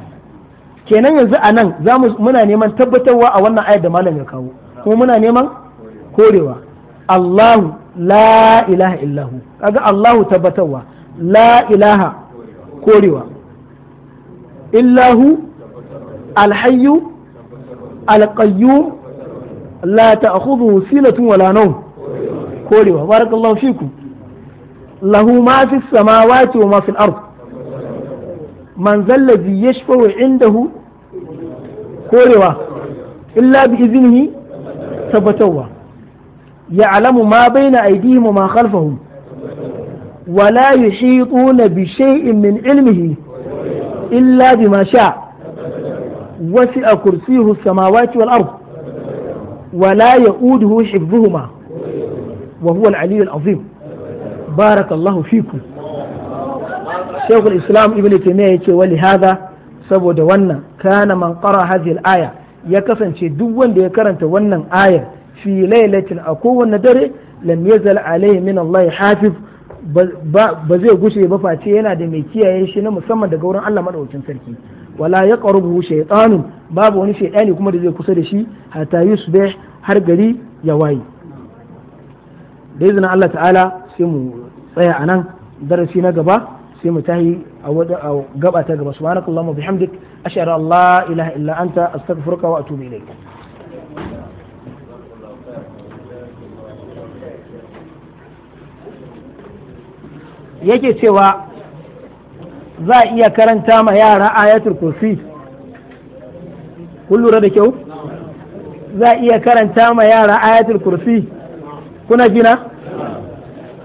kenan yanzu anan zamu muna neman tabbatarwa a wannan ayar da malam ya kawo kuma muna neman korewa Allahu la ilaha illahu kaga Allahu tabbatarwa la ilaha korewa illahu alhayyu alqayyum la ta'khudhuhu sinatun wala nawm korewa barakallahu fikum lahu ma fis samawati wa ma fil ard man zallazi yashfa'u indahu korewa illa bi iznihi tabbatarwa ya'lamu ma baina aydihim wa ma khalfahum ولا يحيطون بشيء من علمه إلا بما شاء وسع كرسيه السماوات والأرض ولا يؤوده حفظهما وهو العلي العظيم بارك الله فيكم شيخ الإسلام ابن تيمية ولهذا سبو دوانا كان من قرأ هذه الآية يكفن شدوا ليكرن توانا آية fi laylatin a kowane dare lam yazal alaihi min Allah hafiz ba zai gushe ba face yana da mai kiyaye shi na musamman daga wurin Allah madaukakin sarki wala ya qarubu shaytanun babu wani shaytani kuma da zai kusa da shi hatta yusbih har gari ya waye da izinin Allah ta'ala sai mu tsaya a nan darasi na gaba sai mu tahi a gaba ta gaba subhanakallahumma bihamdik ashhadu an la ilaha illa anta astaghfiruka wa atubu ilayk yake cewa za a iya karanta ma yara ayatul kursi kun lura da kyau za a iya karanta ma yara ayatul kursi kuna gina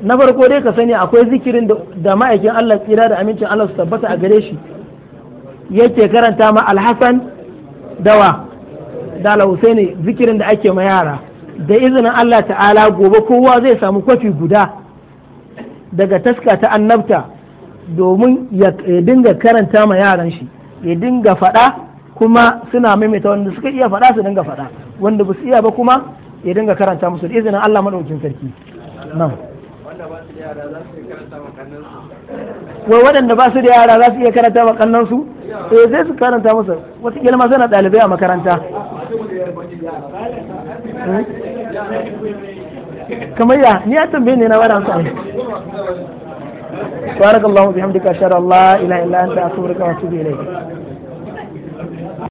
na farko dai ka sani akwai zikirin da ma'aikin Allah tsira da amincin Allah su tabbata a gare shi yake karanta ma alhassan dawa da alhussaini zikirin da ake ma yara da izinin Allah ta'ala gobe kowa zai samu kwafi guda daga taska ta annabta domin ya dinga karanta ma yaran shi ya dinga faɗa kuma suna maimaita wanda suka iya faɗa su dinga faɗa wanda ba su iya ba kuma ya dinga karanta musu da izinin Allah maɗaukin sarki nan wai waɗanda ba su da yara za su iya karanta ma kannansu eh zai su karanta musu wata ma suna ɗalibai a makaranta kamar ya ni ya tambaye ne na wada amsa ne barakallahu bihamdika ashhadu an la ilaha illa anta astaghfiruka wa atubu ilayk